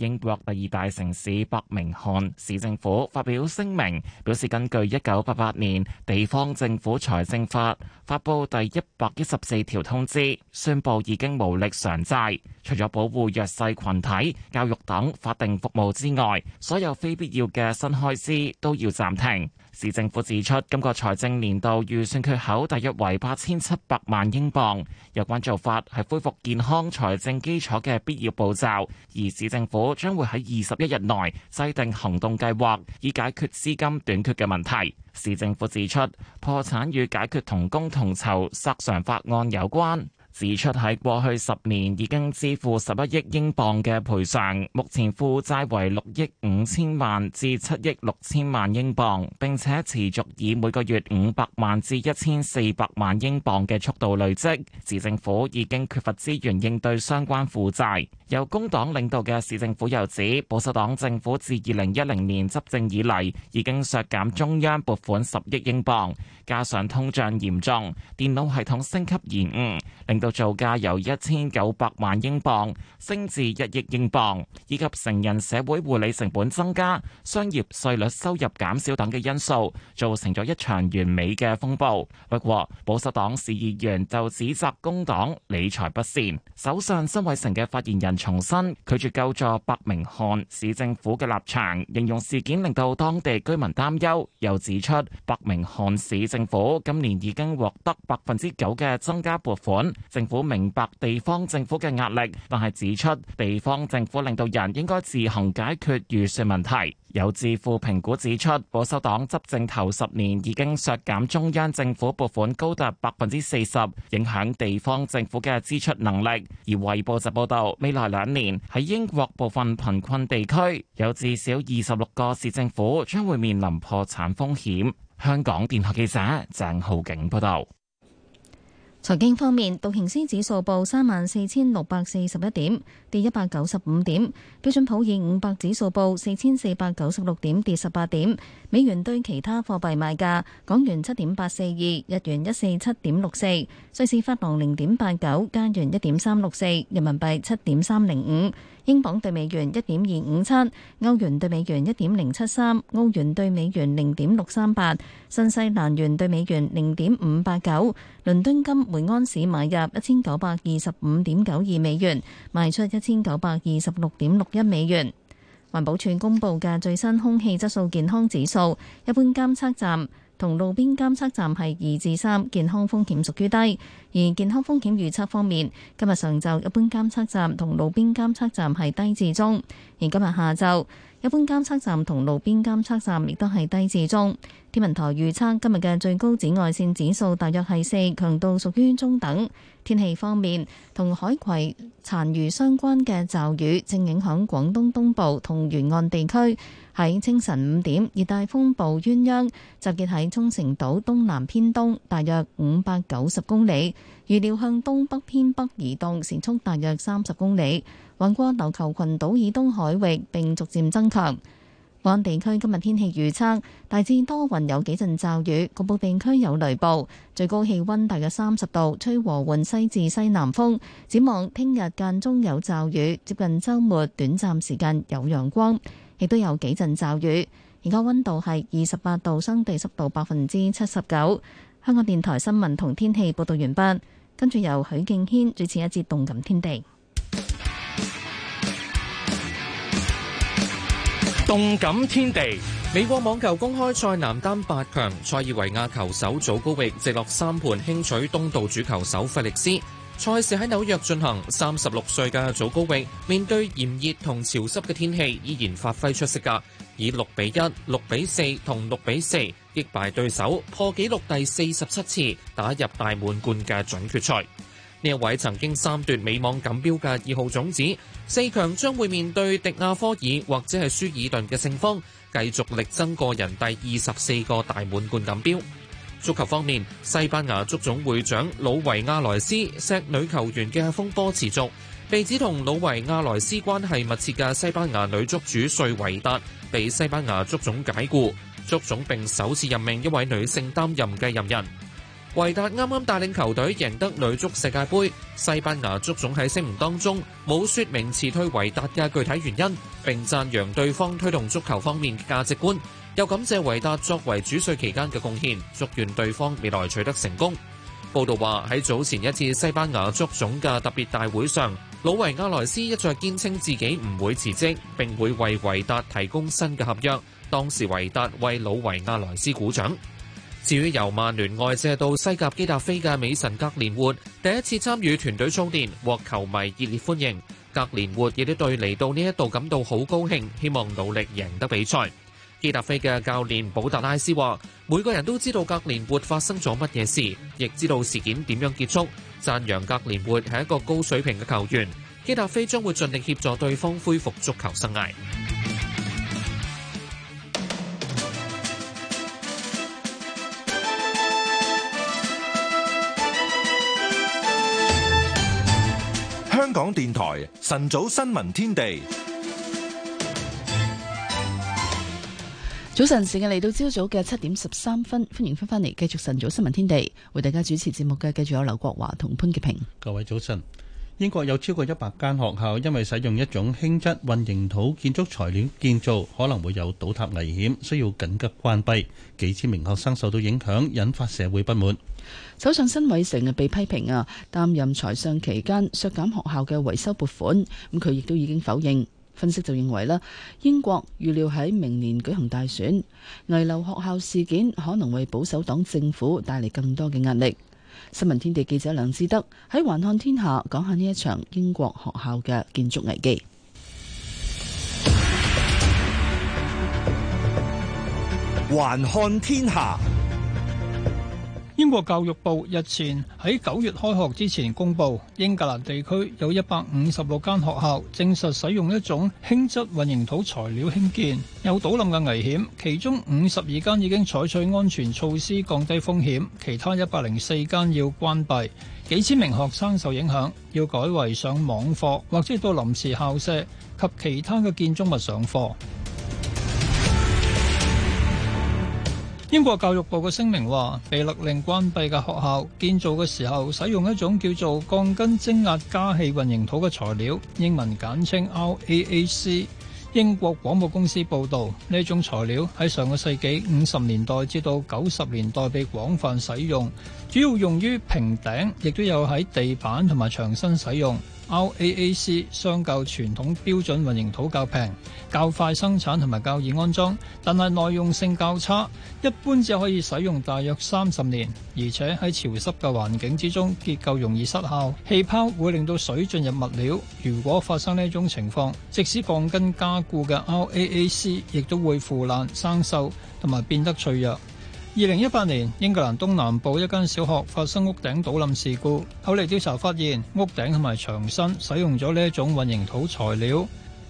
英國第二大城市伯明翰市政府發表聲明，表示根據一九八八年地方政府財政法發布第一百一十四條通知，宣布已經無力償債。除咗保護弱勢群體、教育等法定服務之外，所有非必要嘅新開支都要暫停。市政府指出，今個財政年度預算缺口大約為八千七百萬英鎊，有關做法係恢復健康財政基礎嘅必要步驟，而市政府將會喺二十一日內制定行動計劃，以解決資金短缺嘅問題。市政府指出，破產與解決同工同酬賠償法案有關。指出喺過去十年已經支付十一億英鎊嘅賠償，目前負債為六億五千萬至七億六千萬英鎊，並且持續以每個月五百萬至一千四百萬英鎊嘅速度累積。市政府已經缺乏資源應對相關負債。由工黨領導嘅市政府又指，保守黨政府自二零一零年執政以嚟已經削減中央撥款十億英鎊，加上通脹嚴重，電腦系統升級延誤，令到造價由一千九百萬英鎊升至一億英鎊，以及成人社會護理成本增加、商業稅率收入減少等嘅因素，造成咗一場完美嘅風暴。不過，保守黨市議員就指責工黨理財不善。首相辛偉成嘅發言人重申，拒絕救助伯明翰市政府嘅立場，形容事件令到當地居民擔憂。又指出，伯明翰市政府今年已經獲得百分之九嘅增加撥款。政府明白地方政府嘅壓力，但係指出地方政府領導人應該自行解決預算問題。有智庫評估指出，保守黨執政頭十年已經削減中央政府撥款高達百分之四十，影響地方政府嘅支出能力。而衛報就報道，未來兩年喺英國部分貧困地區，有至少二十六個市政府將會面臨破產風險。香港電台記者鄭浩景報道。財經方面，道瓊斯指數報三萬四千六百四十一點，跌一百九十五點；標準普爾五百指數報四千四百九十六點，跌十八點。美元對其他貨幣賣價，港元七點八四二，日元一四七點六四，瑞士法郎零點八九，加元一點三六四，人民幣七點三零五。英鎊兌美元一點二五七，歐元兌美元一點零七三，歐元兌美元零點六三八，新西蘭元兌美元零點五八九。倫敦金每安士買入一千九百二十五點九二美元，賣出一千九百二十六點六一美元。環保署公布嘅最新空氣質素健康指數，一般監測站。同路邊監測站係二至三，健康風險屬於低。而健康風險預測方面，今日上晝一般監測站同路邊監測站係低至中，而今日下晝一般監測站同路邊監測站亦都係低至中。天文台預測今日嘅最高紫外線指數大約係四，強度屬於中等。天氣方面，同海葵殘餘相關嘅驟雨正影響廣東東部同沿岸地區。喺清晨五點，熱帶風暴鴛鴦集結喺沖繩島東南偏東，大約五百九十公里，預料向東北偏北移動，時速大約三十公里，橫過琉球群島以東海域並逐漸增強。本地區今日天氣預測大致多雲，有幾陣驟雨，局部地區有雷暴，最高氣溫大約三十度，吹和緩西至西南風。展望聽日間中有驟雨，接近週末短暫時間有陽光，亦都有幾陣驟雨。而家溫度係二十八度，相對濕度百分之七十九。香港電台新聞同天氣報道完畢，跟住由許敬軒主持一節《動感天地》。動感天地，美國網球公開賽男單八強，塞爾維亞球手祖高域直落三盤輕取東道主球手費力斯。賽事喺紐約進行，三十六歲嘅祖高域面對炎熱同潮濕嘅天氣，依然發揮出色，噶以六比一、六比四同六比四擊敗對手，破紀錄第四十七次打入大滿貫嘅準決賽。呢一位曾經三奪美網錦標嘅二號種子，四強將會面對迪亞科爾或者係舒爾頓嘅勝方，繼續力爭個人第二十四個大滿貫錦標。足球方面，西班牙足總會長魯維亞萊斯錫女球員嘅風波持續，被指同魯維亞萊斯關係密切嘅西班牙女足主帥維達被西班牙足總解雇，足總並首次任命一位女性擔任繼任人。維達啱啱帶領球隊贏得女足世界杯，西班牙足總喺聲明當中冇說明辭退維達嘅具體原因，並讚揚對方推動足球方面嘅價值觀，又感謝維達作為主帥期間嘅貢獻，祝願對方未來取得成功。報道話喺早前一次西班牙足總嘅特別大會上，魯維亞萊斯一再堅稱自己唔會辭職，並會為維達提供新嘅合約。當時維達為魯維亞萊斯鼓掌。至於由曼聯外借到西甲基達菲嘅美神格連活，第一次參與團隊操練，獲球迷熱烈歡迎。格連活亦都對嚟到呢一度感到好高興，希望努力贏得比賽。基達菲嘅教練保達拉斯話：每個人都知道格連活發生咗乜嘢事，亦知道事件點樣結束，讚揚格連活係一個高水平嘅球員。基達菲將會盡力協助對方恢復足球生涯。香港電台晨早新聞天地，早晨時間嚟到朝早嘅七點十三分，歡迎翻返嚟繼續晨早新聞天地，為大家主持節目嘅繼續有劉國華同潘潔平。各位早晨，英國有超過一百間學校因為使用一種輕質混凝土建築材料建造，可能會有倒塌危險，需要緊急關閉，幾千名學生受到影響，引發社會不滿。首相辛偉誠日被批評啊，擔任財相期間削減學校嘅維修撥款，咁佢亦都已經否認。分析就認為呢，英國預料喺明年舉行大選，危樓學校事件可能為保守黨政府帶嚟更多嘅壓力。新聞天地記者梁志德喺環看天下講下呢一場英國學校嘅建築危機。環看天下。英國教育部日前喺九月開學之前公布，英格蘭地區有一百五十六間學校證實使用一種輕質混凝土材料興建，有倒冧嘅危險。其中五十二間已經採取安全措施降低風險，其他一百零四間要關閉，幾千名學生受影響，要改為上網課或者到臨時校舍及其他嘅建築物上課。英國教育部嘅聲明話，被勒令關閉嘅學校建造嘅時候，使用一種叫做鋼筋蒸壓加氣混凝土嘅材料，英文簡稱 R A A C。英國廣播公司報道，呢種材料喺上個世紀五十年代至到九十年代被廣泛使用，主要用於平頂，亦都有喺地板同埋牆身使用。R A A C 相較傳統標準混凝土較平、較快生產同埋較易安裝，但係耐用性較差，一般只可以使用大約三十年，而且喺潮濕嘅環境之中結構容易失效，氣泡會令到水進入物料。如果發生呢一種情況，即使鋼筋加固嘅 R A A C 亦都會腐爛、生鏽同埋變得脆弱。二零一八年，英格蘭東南部一間小學發生屋頂倒冧事故。後嚟調查發現屋頂是是，屋頂同埋牆身使用咗呢一種混凝土材料。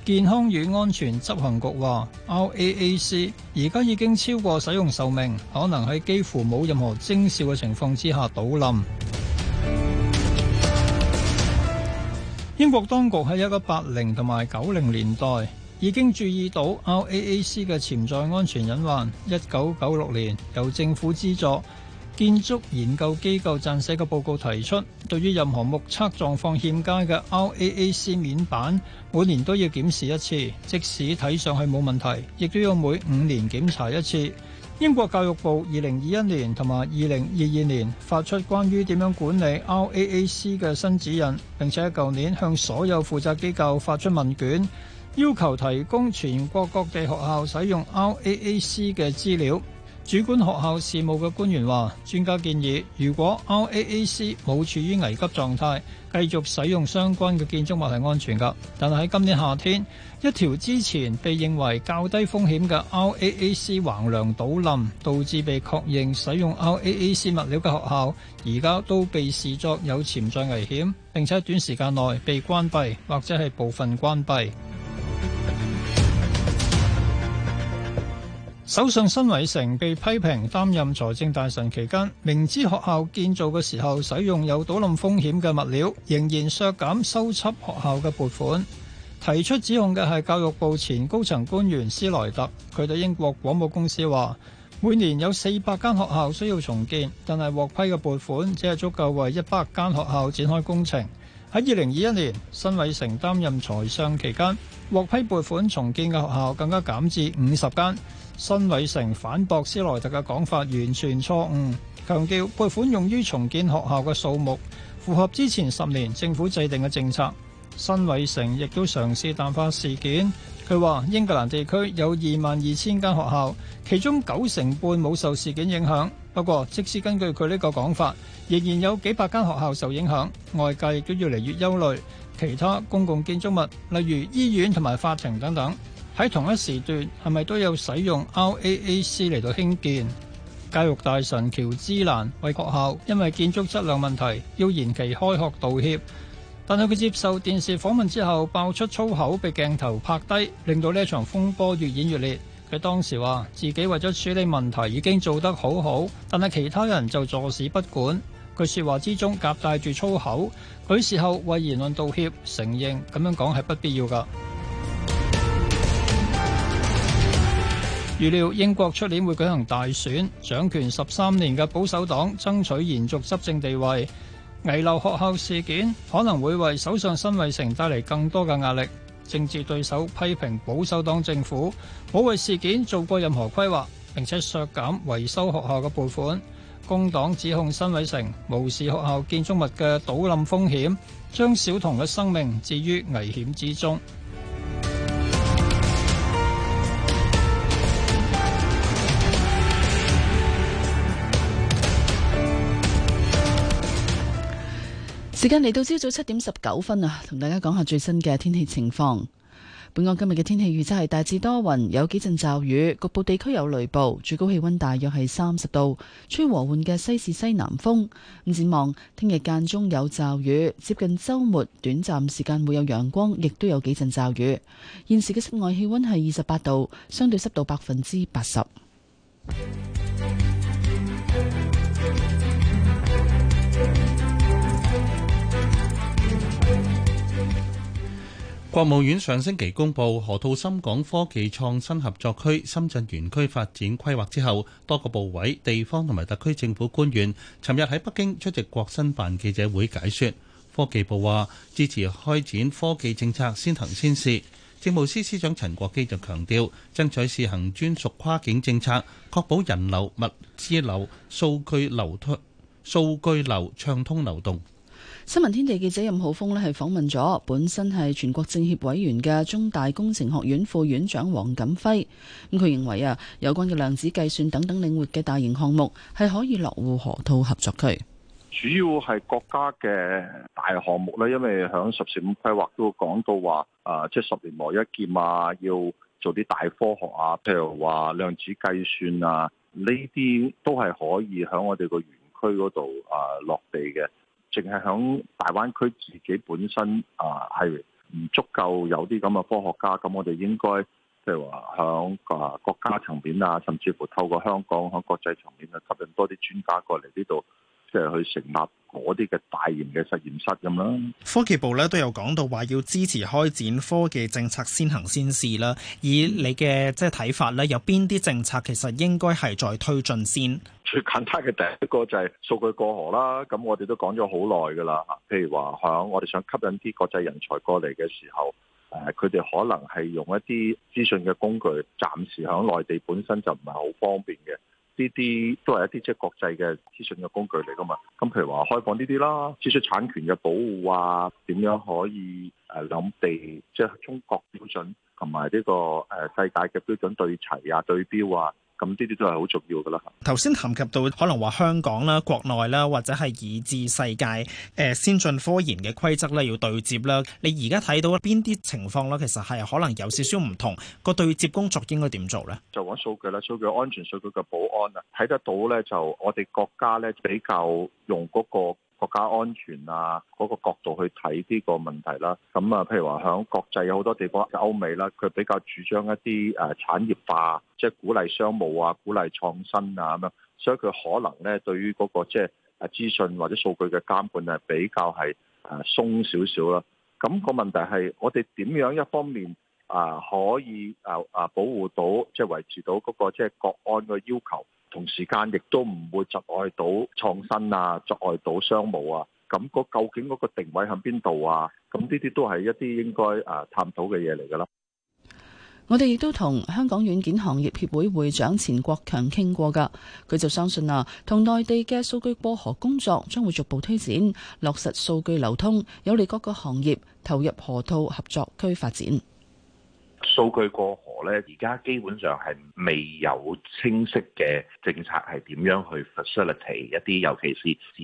健康與安全執行局話，RAAC 而家已經超過使用壽命，可能喺幾乎冇任何徵兆嘅情況之下倒冧。 [music] 英國當局喺一個八零同埋九零年代。已經注意到 RAAC 嘅潛在安全隱患。一九九六年，由政府資助建築研究機構撰寫嘅報告提出，對於任何目測狀況欠佳嘅 RAAC 面板，每年都要檢視一次，即使睇上去冇問題，亦都要每五年檢查一次。英國教育部二零二一年同埋二零二二年發出關於點樣管理 RAAC 嘅新指引，並且喺舊年向所有負責機構發出問卷。要求提供全國各地學校使用 R A A C 嘅資料。主管學校事務嘅官員話：專家建議，如果 R A A C 冇處於危急狀態，繼續使用相關嘅建築物係安全噶。但係喺今年夏天，一條之前被認為較低風險嘅 R A A C 橫樑倒冧，導致被確認使用 R A A C 物料嘅學校，而家都被視作有潛在危險，並且短時間內被關閉或者係部分關閉。首相申偉成被批評擔任財政大臣期間，明知學校建造嘅時候使用有倒冧風險嘅物料，仍然削減修葺學校嘅撥款。提出指控嘅係教育部前高層官員斯萊特。佢對英國廣播公司話：每年有四百間學校需要重建，但係獲批嘅撥款只係足夠為一百間學校展開工程。喺二零二一年，申偉成擔任財相期間。獲批撥款重建嘅學校更加減至五十間。新偉城反駁斯萊特嘅講法完全錯誤，強調撥款用於重建學校嘅數目符合之前十年政府制定嘅政策。新偉成亦都嘗試淡化事件，佢話英格蘭地區有二萬二千間學校，其中九成半冇受事件影響。不過，即使根據佢呢個講法，仍然有幾百間學校受影響。外界亦都越嚟越憂慮。其他公共建築物，例如醫院同埋法庭等等，喺同一時段係咪都有使用 RAAC 嚟到興建？教育大臣喬茲蘭為學校因為建築質量問題要延期開學道歉。但係佢接受電視訪問之後爆出粗口，被鏡頭拍低，令到呢一場風波越演越烈。佢當時話自己為咗處理問題已經做得好好，但係其他人就坐視不管。佢說話之中夾帶住粗口，佢事後為言論道歉，承認，咁樣講係不必要㗎。 [music] 預料英國出年會舉行大選，掌權十三年嘅保守黨爭取延續執政地位。危樓學校事件可能會為首相辛偉誠帶嚟更多嘅壓力。政治對手批評保守黨政府冇為事件做過任何規劃，並且削減維修學校嘅撥款。工黨指控辛偉誠無視學校建築物嘅倒冧風險，將小童嘅生命置於危險之中。時間嚟到朝早七點十九分啊，同大家講下最新嘅天氣情況。本港今日嘅天氣預測係大致多雲，有幾陣驟雨，局部地區有雷暴，最高氣溫大約係三十度，吹和緩嘅西至西南風。咁展望聽日間中有驟雨，接近周末短暫時間會有陽光，亦都有幾陣驟雨。現時嘅室外氣溫係二十八度，相對濕度百分之八十。國務院上星期公布河套深港科技創新合作區深圳園區發展規劃之後，多個部委、地方同埋特區政府官員尋日喺北京出席國新辦記者會解說，科技部話支持開展科技政策先行先試。政務司司長陳國基就強調，爭取試行專屬跨境政策，確保人流、物資流、數據流、數據流暢通流動。新聞天地記者任浩峰咧，係訪問咗本身係全國政協委員嘅中大工程學院副院長黃錦輝。咁佢認為啊，有關嘅量子計算等等領域嘅大型項目係可以落戶河套合作區。主要係國家嘅大項目咧，因為響十四五規劃都講到話啊，即、呃、係十年磨一劍啊，要做啲大科學啊，譬如話量子計算啊，呢啲都係可以喺我哋個園區嗰度啊落地嘅。淨係響大灣區自己本身啊，係唔足夠有啲咁嘅科學家，咁我哋應該即係話響啊國家層面啊，甚至乎透過香港響國際層面啊，吸引多啲專家過嚟呢度，即係去成立。嗰啲嘅大型嘅實驗室咁啦，科技部咧都有講到話要支持開展科技政策先行先試啦。以你嘅即係睇法咧，有邊啲政策其實應該係再推進先？最簡單嘅第一個就係數據過河啦。咁我哋都講咗好耐噶啦，譬如話響我哋想吸引啲國際人才過嚟嘅時候，誒、啊，佢哋可能係用一啲資訊嘅工具，暫時響內地本身就唔係好方便嘅。呢啲都係一啲即係國際嘅資訊嘅工具嚟㗎嘛？咁譬如話開放呢啲啦，知識產權嘅保護啊，點樣可以誒諗地即係、就是、中國標準同埋呢個誒世界嘅標準對齊啊、對標啊？咁呢啲都係好重要噶啦。頭先談及到可能話香港啦、國內啦，或者係以至世界誒、呃，先進科研嘅規則咧，要對接啦。你而家睇到邊啲情況咧？其實係可能有少少唔同。個對接工作應該點做咧？就講數據啦，數據安全、數據嘅保安啦，睇得到咧，就我哋國家咧比較用嗰個。國家安全啊，嗰、嗰個角度去睇呢個問題啦。咁啊，譬如話響國際有好多地方歐美啦，佢比較主張一啲誒產業化，即係鼓勵商務啊、鼓勵創新啊咁樣，所以佢可能咧對於嗰、嗰個即係、即係、資訊或者數據嘅監管係比較係誒鬆少少啦。咁、咁個問題係我哋點樣一方面啊可以啊啊保護到即係、即係、維持到嗰、嗰個即係、即係、國安嘅要求？同時間亦都唔會窒礙到創新啊，窒礙到商務啊。咁個究竟嗰個定位喺邊度啊？咁呢啲都係一啲應該啊探討嘅嘢嚟㗎啦。我哋亦都同香港軟件行業協會會長錢國強傾過㗎，佢就相信啊，同內地嘅數據過河工作將會逐步推展，落實數據流通，有利各個行業投入河套合作區發展。數據過河呢，而家基本上係未有清晰嘅政策係點樣去 facilitate 一啲，尤其是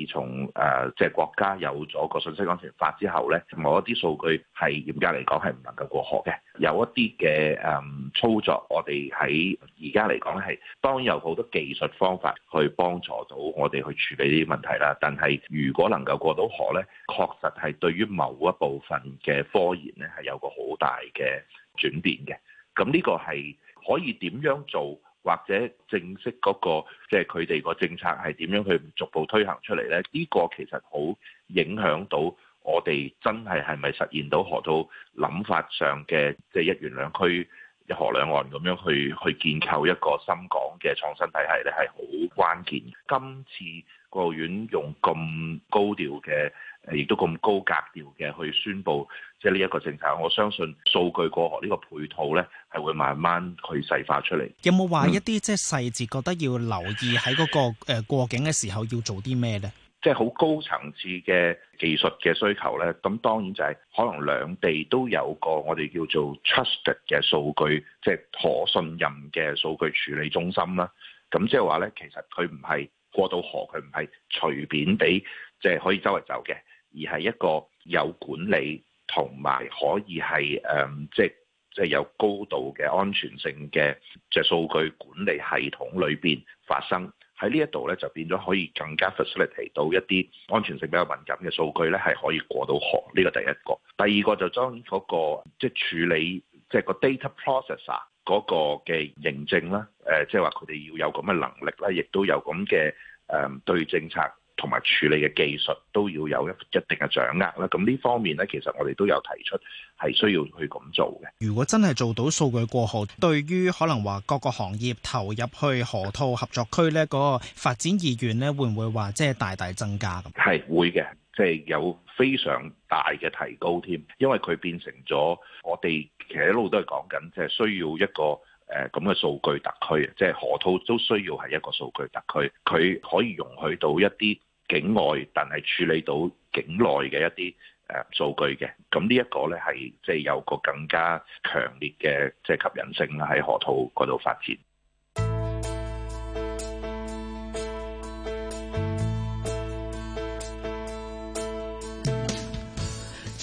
自從誒即係國家有咗個信息安全法之後呢，某一啲數據係嚴格嚟講係唔能夠過河嘅。有一啲嘅誒操作我在在，我哋喺而家嚟講咧係當然有好多技術方法去幫助到我哋去處理呢啲問題啦。但係如果能夠過到河呢，確實係對於某一部分嘅科研呢，係有個好大嘅。轉變嘅，咁呢個係可以點樣做，或者正式嗰個即係佢哋個政策係點樣去逐步推行出嚟咧？呢個其實好影響到我哋真係，係咪實現到河套諗法上嘅即係一元兩區一河兩岸咁樣去去建構一個深港嘅創新體系咧，係好關鍵，今次國務院用咁高調嘅。亦都咁高格調嘅去宣布，即係呢一個政策，我相信數據過河呢個配套咧，係會慢慢去細化出嚟。有冇話一啲即係細節覺得要留意喺嗰個誒過境嘅時候要做啲咩咧？即係好高層次嘅技術嘅需求咧，咁當然就係可能兩地都有個我哋叫做 trusted 嘅數據，即係可信任嘅數據處理中心啦。咁即係話咧，其實佢唔係過到河，佢唔係隨便俾，即係可以周圍走嘅。而係一個有管理同埋可以係誒，即係即係有高度嘅安全性嘅嘅、即係、數據管理系統裏邊發生喺呢一度咧，就變咗可以更加 facilitate 到一啲安全性比較敏感嘅數據咧，係可以過到河呢、呢個第一個。第二個就將嗰、嗰個即係、即係、處理即係、即係、個 data processor 嗰個嘅認證啦，誒、呃，即係話佢哋要有咁嘅能力啦，亦都有咁嘅誒對政策，同埋處理嘅技術都要有一一定嘅掌握啦。咁呢方面呢，其實我哋都有提出係需要去咁做嘅。如果真係做到數據過河，對於可能話各個行業投入去河套合作區呢個發展意願呢，會唔會話即係大大增加咁？係會嘅，即係有非常大嘅提高添。因為佢變成咗我哋其實一路都係講緊，即係需要一個誒咁嘅數據特區，即係河套都需要係一個數據特區，佢可以容許到一啲。境外，但係處理到境內嘅一啲誒數據嘅，咁、嗯、呢、這個、一個咧係即係有個更加強烈嘅即係吸引性喺河套嗰度發展。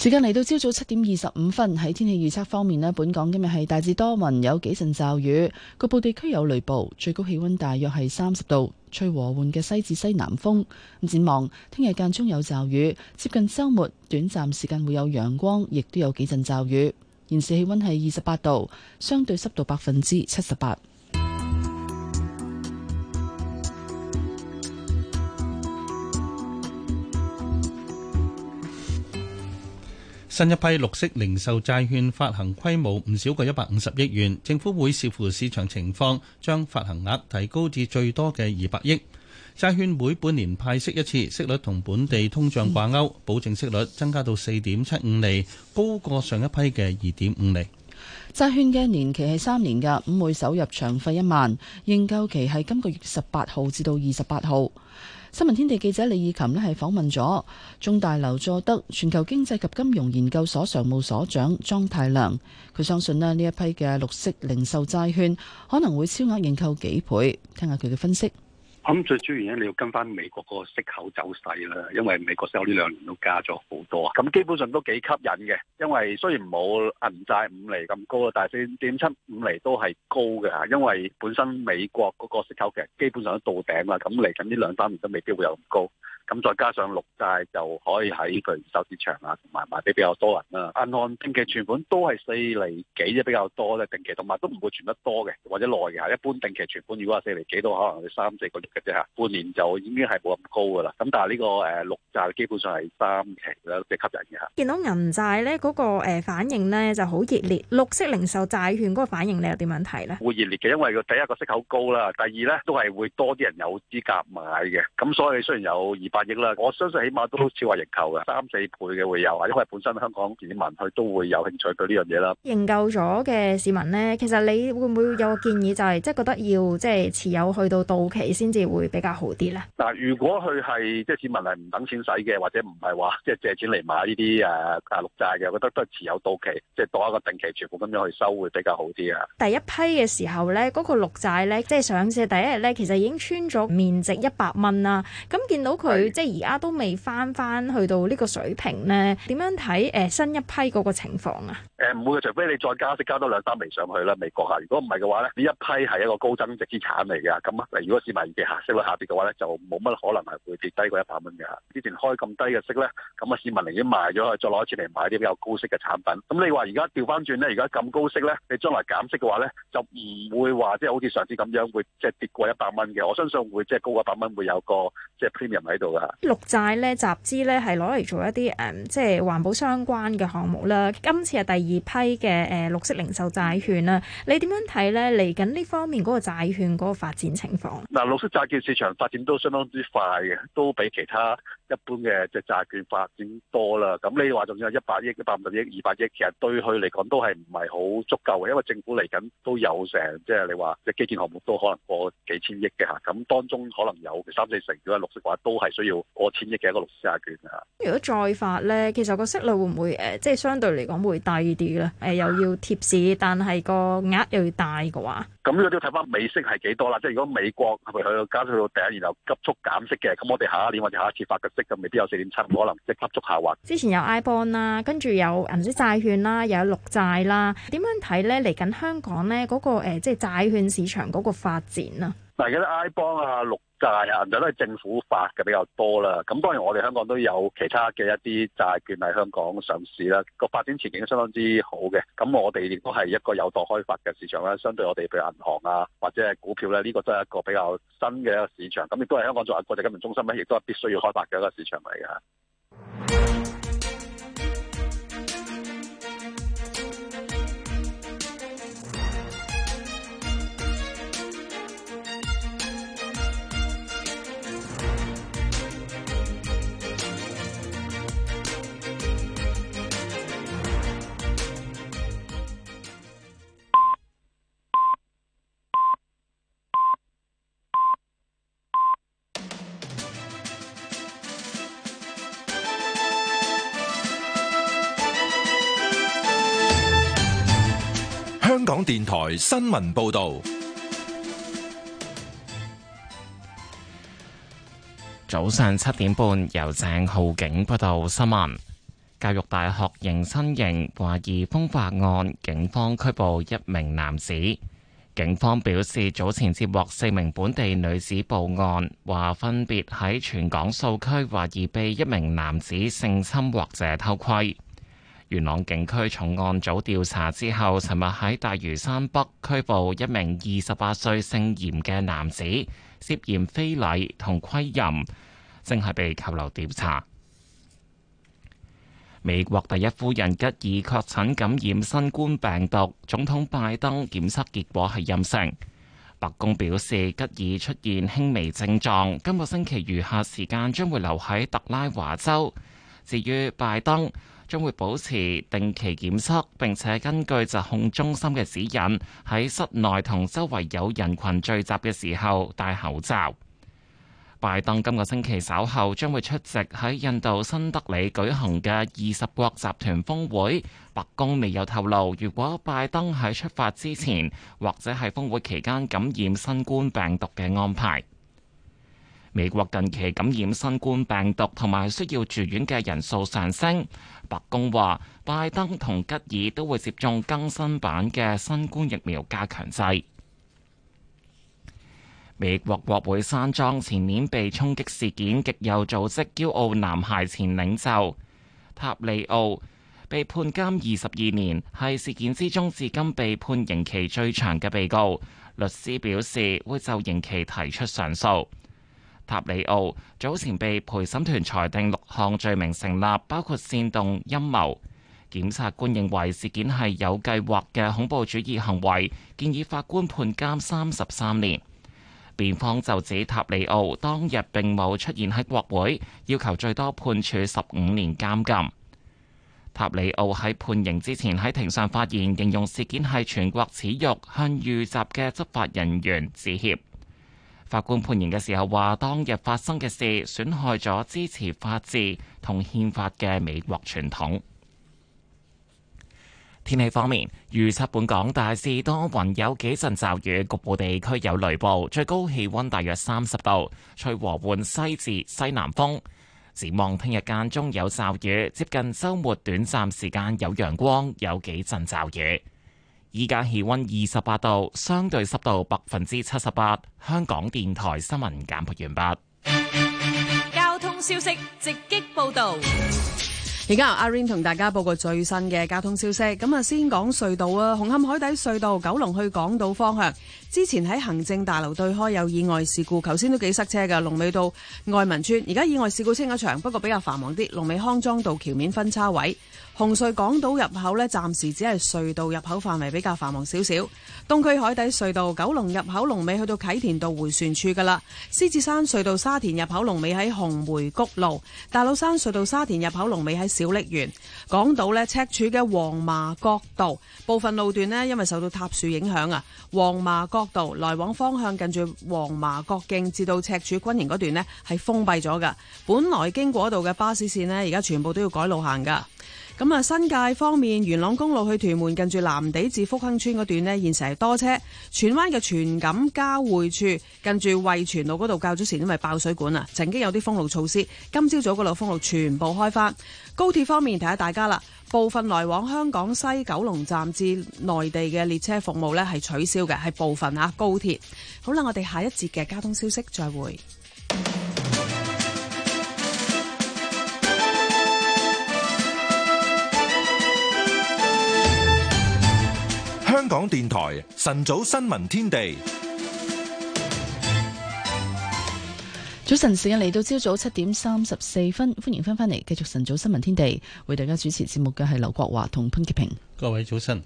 時間嚟到朝早七點二十五分，喺天氣預測方面呢，本港今日係大致多雲，有幾陣驟雨，局部地區有雷暴，最高氣溫大約係三十度，吹和緩嘅西至西南風。展望，聽日間中有驟雨，接近周末短暫時間會有陽光，亦都有幾陣驟雨。現時氣溫係二十八度，相對濕度百分之七十八。新一批綠色零售債券發行規模唔少過一百五十億元，政府會視乎市場情況，將發行額提高至最多嘅二百億。債券每半年派息一次，息率同本地通脹掛鈎，保證息率增加到四點七五厘，高過上一批嘅二點五厘。債券嘅年期係三年嘅，每手入場費一萬，認購期係今個月十八號至到二十八號。新聞天地記者李意琴呢係訪問咗中大劉佐德全球經濟及金融研究所常務所長莊太量，佢相信咧呢一批嘅綠色零售債券可能會超額認購幾倍，聽下佢嘅分析。咁最主要原因你要跟翻美國個息口走勢啦，因為美國息口呢兩年都加咗好多，咁基本上都幾吸引嘅。因為雖然冇銀債五厘咁高啦，但係四點七五厘都係高嘅嚇。因為本身美國嗰個息口其實基本上都到頂啦，咁嚟緊呢兩三年都未必會有咁高。咁再加上綠債就可以喺二手市場啦，同埋賣俾比較多人啦。銀行定期存款都係四厘幾啫，比較多咧，定期同埋都唔會存得多嘅，或者耐嘅嚇。一般定期存款如果係四厘幾，都可能三、四個月嘅啫嚇。半年就已經係冇咁高噶啦。咁但係呢個誒綠債基本上係三期啦，最吸引嘅嚇。見到銀債咧嗰個反應咧就好熱烈，綠色零售債券嗰個反應你又點樣睇咧？會熱烈嘅，因為個第一個息口高啦，第二咧都係會多啲人有資格買嘅。咁所以雖然有百億啦，我相信起碼都超過認購嘅三四倍嘅會有，因為本身香港市民佢都會有興趣對呢樣嘢啦。認購咗嘅市民咧，其實你會唔會有個建議，就係即係覺得要即係持有去到到期先至會比較好啲咧？嗱，如果佢係即係市民係唔等錢使嘅，或者唔係話即係借錢嚟買呢啲誒誒綠債嘅，我覺得都係持有到期，即係當一個定期全部咁樣去收會比較好啲啊。第一批嘅時候咧，嗰個綠債咧，即係上市第一日咧，其實已經穿咗面值一百蚊啦，咁見到佢。即係而家都未翻翻去到呢個水平咧，點樣睇誒新一批嗰個情況啊？誒唔、呃、會嘅，除非你再加息加多兩三釐上去啦。美國啊，如果唔係嘅話咧，呢一批係一個高增值資產嚟嘅。咁啊，如果市民嘅下息息率下跌嘅話咧，就冇乜可能係會跌低過一百蚊嘅。之前開咁低嘅息咧，咁啊市民寧願賣咗，再攞一次嚟買啲比較高息嘅產品。咁你話而家調翻轉咧，而家咁高息咧，你將來減息嘅話咧，就唔會話即係好似上次咁樣會即係跌過一百蚊嘅。我相信會即係高過一百蚊會有個即係 premium 喺度。綠債咧集資咧係攞嚟做一啲誒，即係環保相關嘅項目啦。今次係第二批嘅誒綠色零售債券啦。你點樣睇咧嚟緊呢方面嗰個債券嗰個發展情況？嗱，綠色債券市場發展都相當之快嘅，都比其他。一般嘅即係債券發展多啦，咁你話仲有一百億、百五十億、二百億，其實對佢嚟講都係唔係好足夠㗎，因為政府嚟緊都有成即係你話即基建項目都可能過幾千億嘅嚇，咁當中可能有三四成如果係綠色嘅話都係需要過千億嘅一個綠色債券啊。如果再發咧，其實個息率會唔會誒，即係相對嚟講會低啲咧？誒、呃，又要貼市，但係個額又要大嘅話，咁、嗯、呢啲都睇翻美息係幾多啦？即、就、係、是、如果美國係咪去到加到第一年又急速減息嘅，咁我哋下一年或者下一次發嘅？即就未必有四點七，可能即刻足下滑。之前有 I bond 啦，跟住有銀紙債券啦，又有綠債啦。點樣睇咧？嚟緊香港咧、那、嗰個、呃、即係債券市場嗰個發展、bon、啊！嗱，而家啲 I bond 啊，綠。債啊，就都係政府發嘅比較多啦。咁當然我哋香港都有其他嘅一啲債券喺香港上市啦。個發展前景相當之好嘅。咁我哋亦都係一個有待開發嘅市場啦。相對我哋譬如銀行啊，或者係股票咧，呢個都係一個比較新嘅一個市場。咁亦都係香港作為國際金融中心咧，亦都係必須要開發嘅一個市場嚟嘅。電台新聞報道：早上七點半，由鄭浩景報道新聞。教育大學迎新營懷疑風化案，警方拘捕一名男子。警方表示，早前接獲四名本地女子報案，話分別喺全港數區懷疑被一名男子性侵或者偷窺。元朗警區重案組調查之後，尋日喺大嶼山北拘捕一名二十八歲姓嚴嘅男子，涉嫌非禮同窺淫，正係被扣留調查。美國第一夫人吉爾確診感染新冠病毒，總統拜登檢測結果係陰性。白宮表示，吉爾出現輕微症狀，今個星期餘下時間將會留喺特拉華州。至於拜登，將會保持定期檢測，並且根據疾控中心嘅指引，喺室內同周圍有人群聚集嘅時候戴口罩。拜登今個星期稍後將會出席喺印度新德里舉行嘅二十國集團峰會。白宮未有透露如果拜登喺出發之前或者係峰會期間感染新冠病毒嘅安排。美國近期感染新冠病毒同埋需要住院嘅人數上升。白宮話，拜登同吉爾都會接種更新版嘅新冠疫苗加強劑。美國國會山莊前年被衝擊事件，極右組織「驕傲男孩」前領袖塔利奧被判監二十二年，係事件之中至今被判刑期最長嘅被告。律師表示會就刑期提出上訴。塔里奧早前被陪審團裁定六項罪名成立，包括煽動陰謀。檢察官認為事件係有計劃嘅恐怖主義行為，建議法官判監三十三年。辯方就指塔里奧當日並冇出現喺國會，要求最多判處十五年監禁。塔里奧喺判刑之前喺庭上發言，形容事件係全國恥辱，向遇襲嘅執法人員致歉。法官判刑嘅時候話：當日發生嘅事損害咗支持法治同憲法嘅美國傳統。天氣方面，預測本港大致多雲，有幾陣驟雨，局部地區有雷暴，最高氣溫大約三十度，吹和緩西至西南風。展望聽日間中有驟雨，接近週末短暫時間有陽光，有幾陣驟雨。依家氣溫二十八度，相對濕度百分之七十八。香港電台新聞簡報完畢。交通消息直擊報道，而家由阿 rain 同大家報個最新嘅交通消息。咁啊，先講隧道啊，紅磡海底隧道九龍去港島方向，之前喺行政大樓對開有意外事故，頭先都幾塞車㗎。龍尾到愛民邨，而家意外事故清咗場，不過比較繁忙啲。龍尾康莊道橋面分叉位。紅隧港島入口咧，暫時只係隧道入口範圍比較繁忙少少。東區海底隧道九龍入口龍尾去到啟田道回旋處噶啦。獅子山隧道沙田入口龍尾喺紅梅谷路，大老山隧道沙田入口龍尾喺小瀝源。港島咧，赤柱嘅黃麻角道部分路段咧，因為受到塌樹影響啊。黃麻角道來往方向近住黃麻角徑至到赤柱軍營嗰段咧係封閉咗噶，本來經過嗰度嘅巴士線咧，而家全部都要改路行噶。咁啊，新界方面，元朗公路去屯門近住藍地至福亨村嗰段呢現成係多車。荃灣嘅荃錦交匯處，近住惠泉路嗰度，較早前因為爆水管啊，曾經有啲封路措施。今朝早嗰度封路全部開翻。高鐵方面，提下大家啦，部分來往香港西九龍站至內地嘅列車服務呢係取消嘅，係部分啊高鐵。好啦，我哋下一節嘅交通消息再會。香港電台晨早新聞天地，早晨時間嚟到朝早七點三十四分，歡迎翻返嚟，繼續晨早新聞天地，為大家主持節目嘅係劉國華同潘潔平。各位早晨，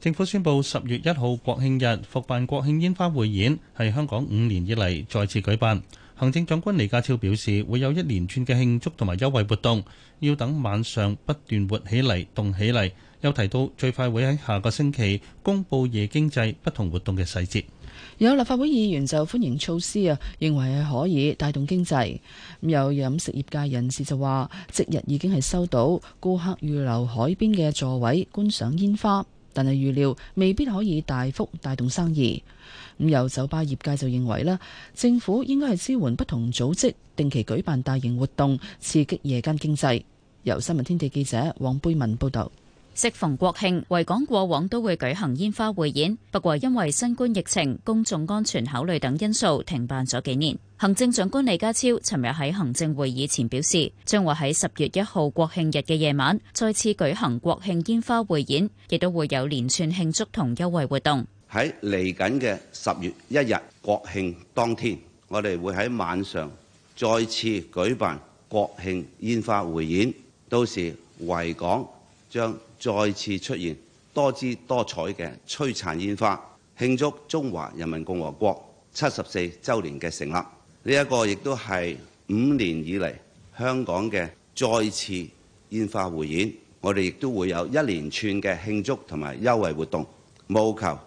政府宣布十月一號國慶日復辦國慶煙花匯演，係香港五年以嚟再次舉辦。行政長官李家超表示，會有一連串嘅慶祝同埋優惠活動，要等晚上不斷活起嚟、動起嚟。又提到最快會喺下個星期公佈夜經濟不同活動嘅細節。有立法會議員就歡迎措施啊，認為係可以帶動經濟。有飲食業界人士就話，即日已經係收到顧客預留海邊嘅座位觀賞煙花，但係預料未必可以大幅帶動生意。咁、嗯、有酒吧業界就認為啦，政府應該係支援不同組織定期舉辦大型活動，刺激夜間經濟。由新聞天地記者黃貝敏報道。適逢國慶，維港過往都會舉行煙花匯演，不過因為新冠疫情、公眾安全考慮等因素，停辦咗幾年。行政長官李家超尋日喺行政會議前表示，將會喺十月一號國慶日嘅夜晚再次舉行國慶煙花匯演，亦都會有連串慶祝同優惠活動。喺嚟緊嘅十月一日國慶當天，我哋會喺晚上再次舉辦國慶煙花匯演。到時維港將再次出現多姿多彩嘅璀璨煙花，慶祝中華人民共和國七十四週年嘅成立。呢、這、一個亦都係五年以嚟香港嘅再次煙花匯演。我哋亦都會有一連串嘅慶祝同埋優惠活動，務求。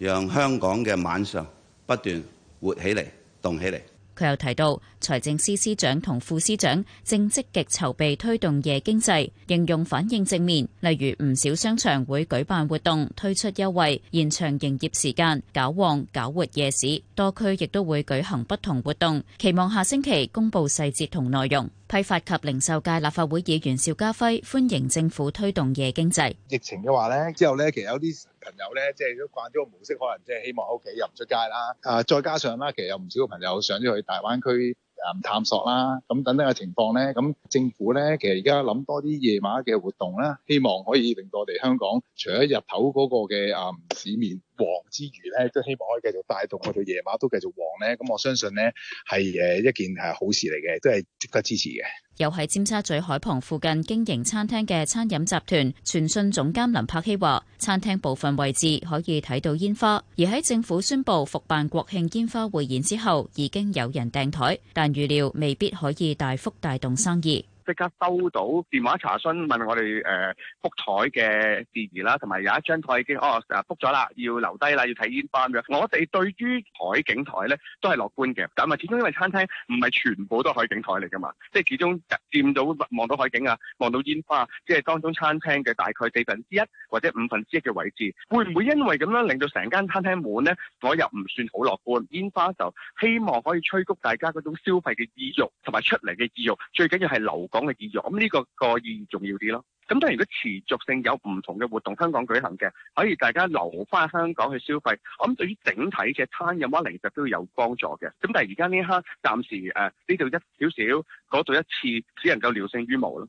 讓香港嘅晚上不斷活起嚟、動起嚟。佢又提到，財政司司長同副司長正積極籌備推動夜經濟，形容反應正面，例如唔少商場會舉辦活動、推出優惠、延長營業時間、搞旺、搞活夜市。多區亦都會舉行不同活動，期望下星期公布細節同內容。批發及零售界立法會議員邵家輝歡迎政府推動夜經濟。疫情嘅話呢，之後呢，其實有啲。朋友咧，即係都慣咗個模式，可能即係希望屋企又唔出街啦。啊，再加上啦，其實有唔少朋友上咗去大灣區誒、嗯、探索啦。咁等等嘅情況咧，咁、嗯、政府咧其實而家諗多啲夜晚嘅活動啦，希望可以令到我哋香港除咗日頭嗰個嘅誒、嗯、市面旺之餘咧，都希望可以繼續帶動我哋夜晚都繼續旺咧。咁、嗯、我相信咧係誒一件係好事嚟嘅，都係值得支持嘅。又喺尖沙咀海旁附近經營餐廳嘅餐飲集團傳訊總監林柏希話：餐廳部分位置可以睇到煙花，而喺政府宣布復辦國慶煙花匯演之後，已經有人訂台，但預料未必可以大幅帶動生意。即刻收到電話查詢問我哋誒、呃、覆台嘅事宜啦，同埋有，有一張台已經哦覆咗啦，要留低啦，要睇煙花咁樣。我哋對於海景台呢都係樂觀嘅，但係始終因為餐廳唔係全部都係海景台嚟噶嘛，即係始終佔到望到海景啊，望到煙花，即、就、係、是、當中餐廳嘅大概四分之一或者五分之一嘅位置，會唔會因為咁樣令到成間餐廳滿呢？我又唔算好樂觀。煙花就希望可以催谷大家嗰種消費嘅意欲同埋出嚟嘅意欲，最緊要係留個講嘅意義，咁呢個個意義重要啲咯。咁當然，如果持續性有唔同嘅活動香港舉行嘅，可以大家留返香港去消費，我諗對於整體嘅餐飲或零售都有幫助嘅。咁但係而家呢一刻，暫時誒呢度一少少，嗰度一,一次，只能夠聊勝於無咯。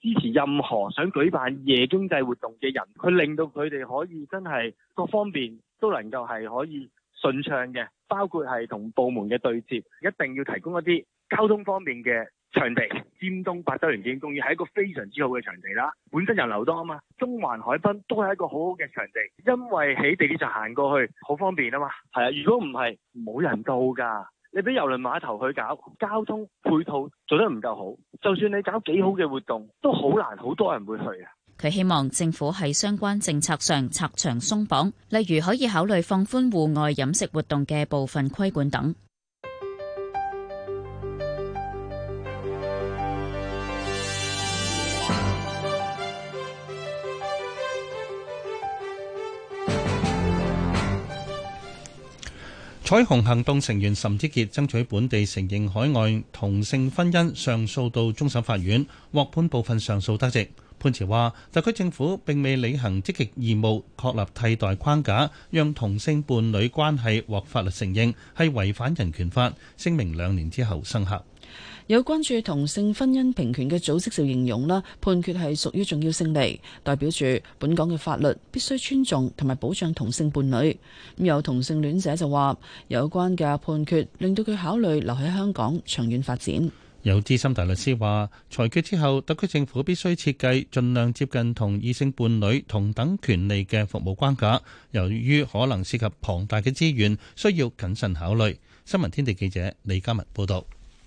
支持任何想舉辦夜經濟活動嘅人，佢令到佢哋可以真係各方面都能夠係可以順暢嘅，包括係同部門嘅對接，一定要提供一啲交通方面嘅場地。尖東百周年紀念公園係一個非常之好嘅場地啦，本身人流多啊嘛，中環海濱都係一個好好嘅場地，因為喺地鐵站行過去好方便啊嘛。係啊，如果唔係冇人到㗎。你俾郵輪碼頭去搞交通配套做得唔夠好，就算你搞幾好嘅活動，都好難，好多人會去啊。佢希望政府喺相關政策上拆牆鬆綁，例如可以考慮放寬戶外飲食活動嘅部分規管等。彩虹行動成員岑子杰爭取本地承認海外同性婚姻上訴到終審法院，獲判部分上訴得直。判詞話，特區政府並未履行積極義務，確立替代框架，讓同性伴侶關係獲法律承認，係違反人權法。聲明兩年之後生效。有關注同性婚姻平權嘅組織就形容啦，判決係屬於重要勝利，代表住本港嘅法律必須尊重同埋保障同性伴侶。咁有同性戀者就話，有關嘅判決令到佢考慮留喺香港長遠發展。有資深大律師話，裁決之後，特區政府必須設計盡量接近同異性伴侶同等權利嘅服務關卡。由於可能涉及龐大嘅資源，需要謹慎考慮。新聞天地記者李嘉文報道。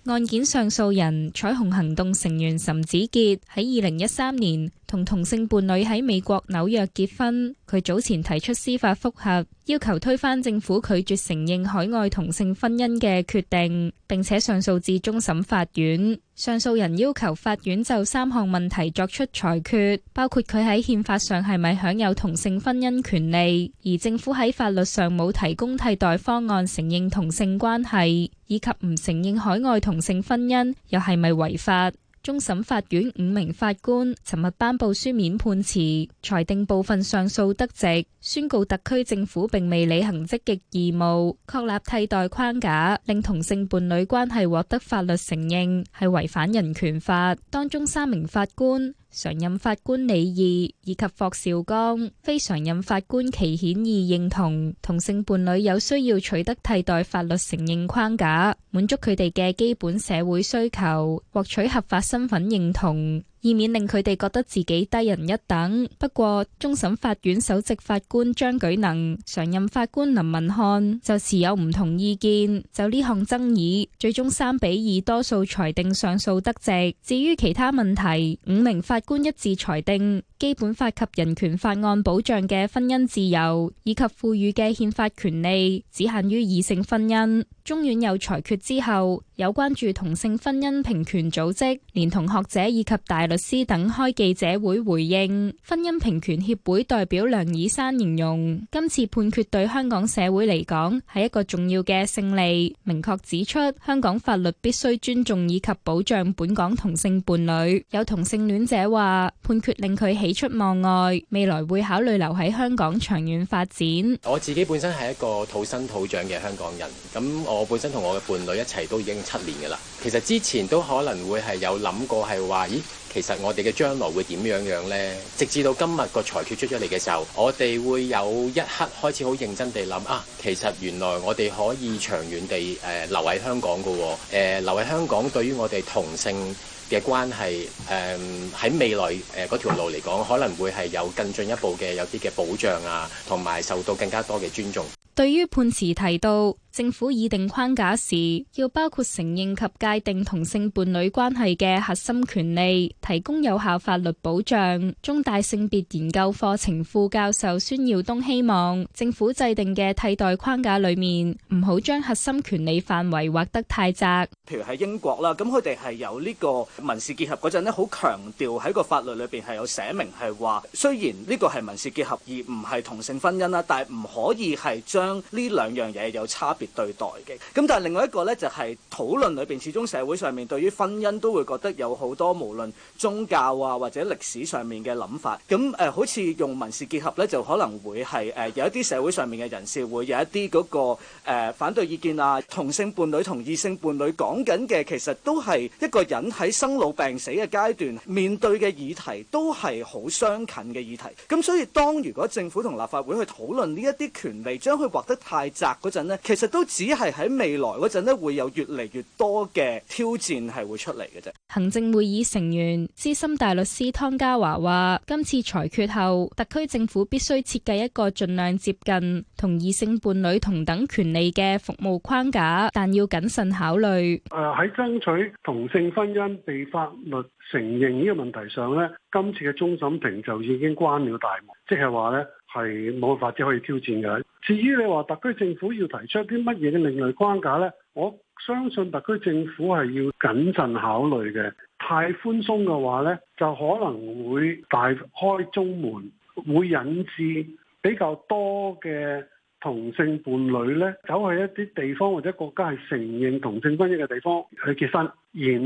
案件上訴人彩虹行動成員岑子傑喺二零一三年同同性伴侶喺美國紐約結婚，佢早前提出司法覆核，要求推翻政府拒絕承認海外同性婚姻嘅決定，並且上訴至終審法院。上訴人要求法院就三項問題作出裁決，包括佢喺憲法上係咪享有同性婚姻權利，而政府喺法律上冇提供替代方案承認同性關係，以及唔承認海外同性婚姻又係咪違法。中終審法院五名法官尋日頒布書面判詞，裁定部分上訴得直，宣告特區政府並未履行積極義務，確立替代框架，令同性伴侶關係獲得法律承認，係違反人權法。當中三名法官。常任法官李義以及霍兆剛，非常任法官祁顯義認同同性伴侶有需要取得替代法律承認框架，滿足佢哋嘅基本社會需求，獲取合法身份認同，以免令佢哋覺得自己低人一等。不過，終審法院首席法官張舉能、常任法官林文瀚就持有唔同意見。就呢項爭議，最終三比二多數裁定上訴得直。至於其他問題，五名法官一致裁定。基本法及人權法案保障嘅婚姻自由以及賦予嘅憲法權利，只限於異性婚姻。中院有裁決之後，有關注同性婚姻平權組織，連同學者以及大律師等開記者會回應。婚姻平權協會代表梁以山形容，今次判決對香港社會嚟講係一個重要嘅勝利，明確指出香港法律必須尊重以及保障本港同性伴侶。有同性戀者話，判決令佢起喜出望外，未來會考慮留喺香港長遠發展。我自己本身係一個土生土長嘅香港人，咁我本身同我嘅伴侶一齊都已經七年㗎喇。其實之前都可能會係有諗過係話，咦，其實我哋嘅將來會點樣樣呢？直至到今日個裁決出咗嚟嘅時候，我哋會有一刻開始好認真地諗啊，其實原來我哋可以長遠地誒、呃、留喺香港㗎、哦，誒、呃、留喺香港對於我哋同性。嘅關係，誒、嗯、喺未來誒嗰、呃、條路嚟講，可能會係有更進一步嘅有啲嘅保障啊，同埋受到更加多嘅尊重。對於判詞提到。政府擬定框架時，要包括承認及界定同性伴侶關係嘅核心權利，提供有效法律保障。中大性別研究課程副教授孫耀東希望政府制定嘅替代框架裏面，唔好將核心權利範圍劃得太窄。譬如喺英國啦，咁佢哋係有呢個民事結合嗰陣咧，好強調喺個法律裏邊係有寫明係話，雖然呢個係民事結合而唔係同性婚姻啦，但係唔可以係將呢兩樣嘢有差別別對待嘅，咁、嗯、但係另外一個呢，就係、是、討論裏邊，始終社會上面對於婚姻都會覺得有好多無論宗教啊或者歷史上面嘅諗法，咁、嗯、誒、呃、好似用民事結合呢，就可能會係誒、呃、有一啲社會上面嘅人士會有一啲嗰、那個、呃、反對意見啊，同性伴侶同異性伴侶講緊嘅其實都係一個人喺生老病死嘅階段面對嘅議題都係好相近嘅議題，咁、嗯、所以當如果政府同立法會去討論呢一啲權利，將佢畫得太窄嗰陣呢，其實。都只係喺未來嗰陣咧，會有越嚟越多嘅挑戰係會出嚟嘅啫。行政會議成員資深大律師湯家驊話，今次裁決後特區政府必須設計一個盡量接近同異性伴侶同等權利嘅服務框架，但要謹慎考慮。誒喺爭取同性婚姻被法律承認呢個問題上咧，今次嘅終審庭就已經關了大門，即係話咧。係冇法子可以挑戰嘅。至於你話特區政府要提出啲乜嘢嘅另類框架呢？我相信特區政府係要謹慎考慮嘅。太寬鬆嘅話呢，就可能會大開中門，會引致比較多嘅，同性伴侶咧，走去一啲地方或者國家係承認同性婚姻嘅地方去結婚，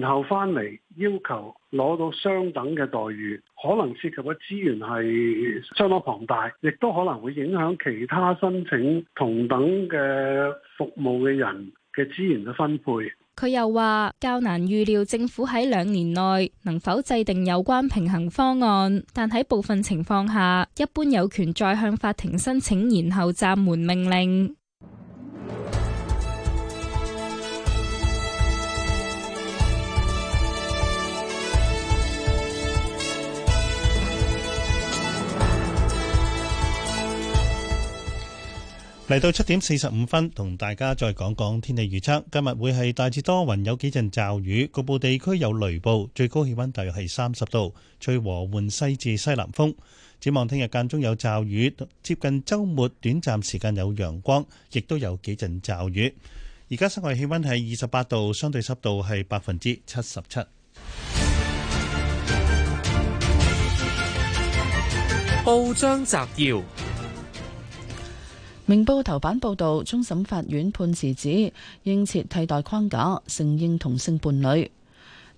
然後翻嚟要求攞到相等嘅待遇，可能涉及嘅資源係相當龐大，亦都可能會影響其他申請同等嘅服務嘅人嘅資源嘅分配。佢又話：較難預料政府喺兩年內能否制定有關平衡方案，但喺部分情況下，一般有權再向法庭申請延後暫緩命令。嚟到七點四十五分，同大家再講講天氣預測。今日會係大致多雲，有幾陣驟雨，局部地區有雷暴，最高氣溫大約係三十度，吹和緩西至西南風。展望聽日間中有驟雨，接近週末短暫時間有陽光，亦都有幾陣驟雨。而家室外氣溫係二十八度，相對濕度係百分之七十七。報章摘要。明報頭版報道，終審法院判詞指應設替代框架承認同性伴侶。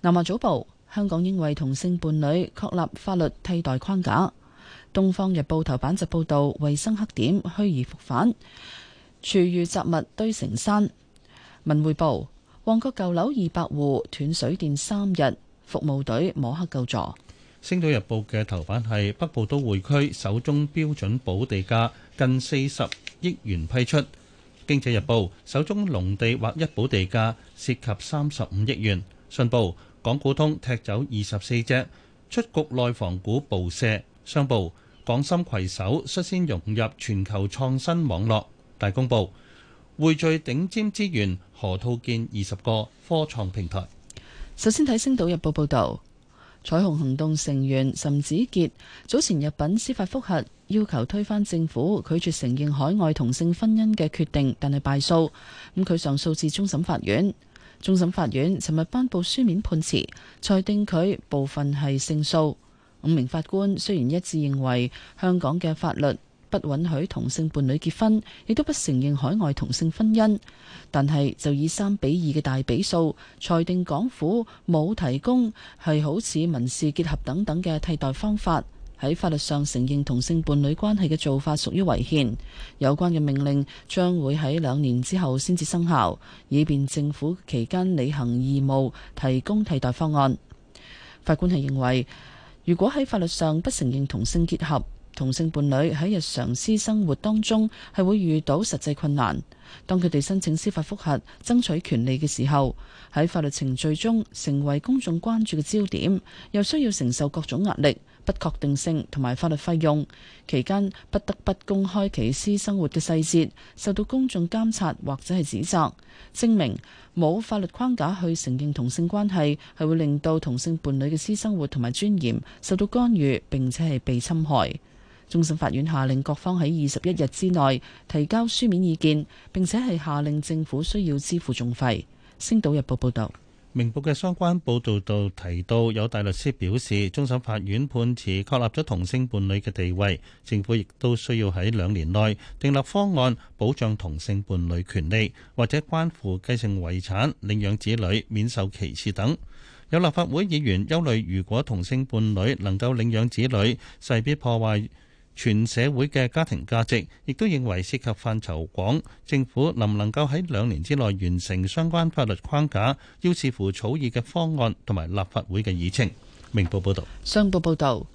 南華早報：香港應為同性伴侶確立法律替代框架。東方日報頭版則報道衛生黑點，虛而復返，廚餘雜物堆成山。文匯報：旺角舊樓二百戶斷水電三日，服務隊摸黑救助。星島日報嘅頭版係北部都會區首宗標準保地價近四十。億元批出。《經濟日報》手中農地或一保地價涉及三十五億元，《信報》港股通踢走二十四隻，出局內房股暴射，《商報》港深攜手率先融入全球創新網絡，《大公報》匯聚頂尖資源河套建二十個科創平台。首先睇《星島日報》報道彩虹行動成員岑子傑早前入禀司法覆核。要求推翻政府拒絕承認海外同性婚姻嘅決定，但係敗訴。咁佢上訴至終審法院，終審法院尋日頒布書面判詞，裁定佢部分係勝訴。五名法官雖然一致認為香港嘅法律不允許同性伴侶結婚，亦都不承認海外同性婚姻，但係就以三比二嘅大比數裁定港府冇提供係好似民事結合等等嘅替代方法。喺法律上承認同性伴侶關係嘅做法屬於違憲，有關嘅命令將會喺兩年之後先至生效，以便政府期間履行義務，提供替代方案。法官係認為，如果喺法律上不承認同性結合，同性伴侶喺日常私生活當中係會遇到實際困難。當佢哋申請司法覆核爭取權利嘅時候，喺法律程序中成為公眾關注嘅焦點，又需要承受各種壓力。不確定性同埋法律費用，期間不得不公開其私生活嘅細節，受到公眾監察或者係指責證明，冇法律框架去承認同性關係係會令到同性伴侶嘅私生活同埋尊嚴受到干預並且係被侵害。終審法院下令各方喺二十一日之內提交書面意見，並且係下令政府需要支付訟費。星島日報報道。明報嘅相關報導度提到，有大律師表示，終審法院判詞確立咗同性伴侶嘅地位，政府亦都需要喺兩年內訂立方案保障同性伴侶權利，或者關乎繼承遺產、領養子女、免受歧視等。有立法會議員憂慮，如果同性伴侶能夠領養子女，勢必破壞全社會嘅家庭價值，亦都認為涉及範疇廣，政府能唔能夠喺兩年之內完成相關法律框架，要視乎草擬嘅方案同埋立法會嘅議程。明報報道，商報報道，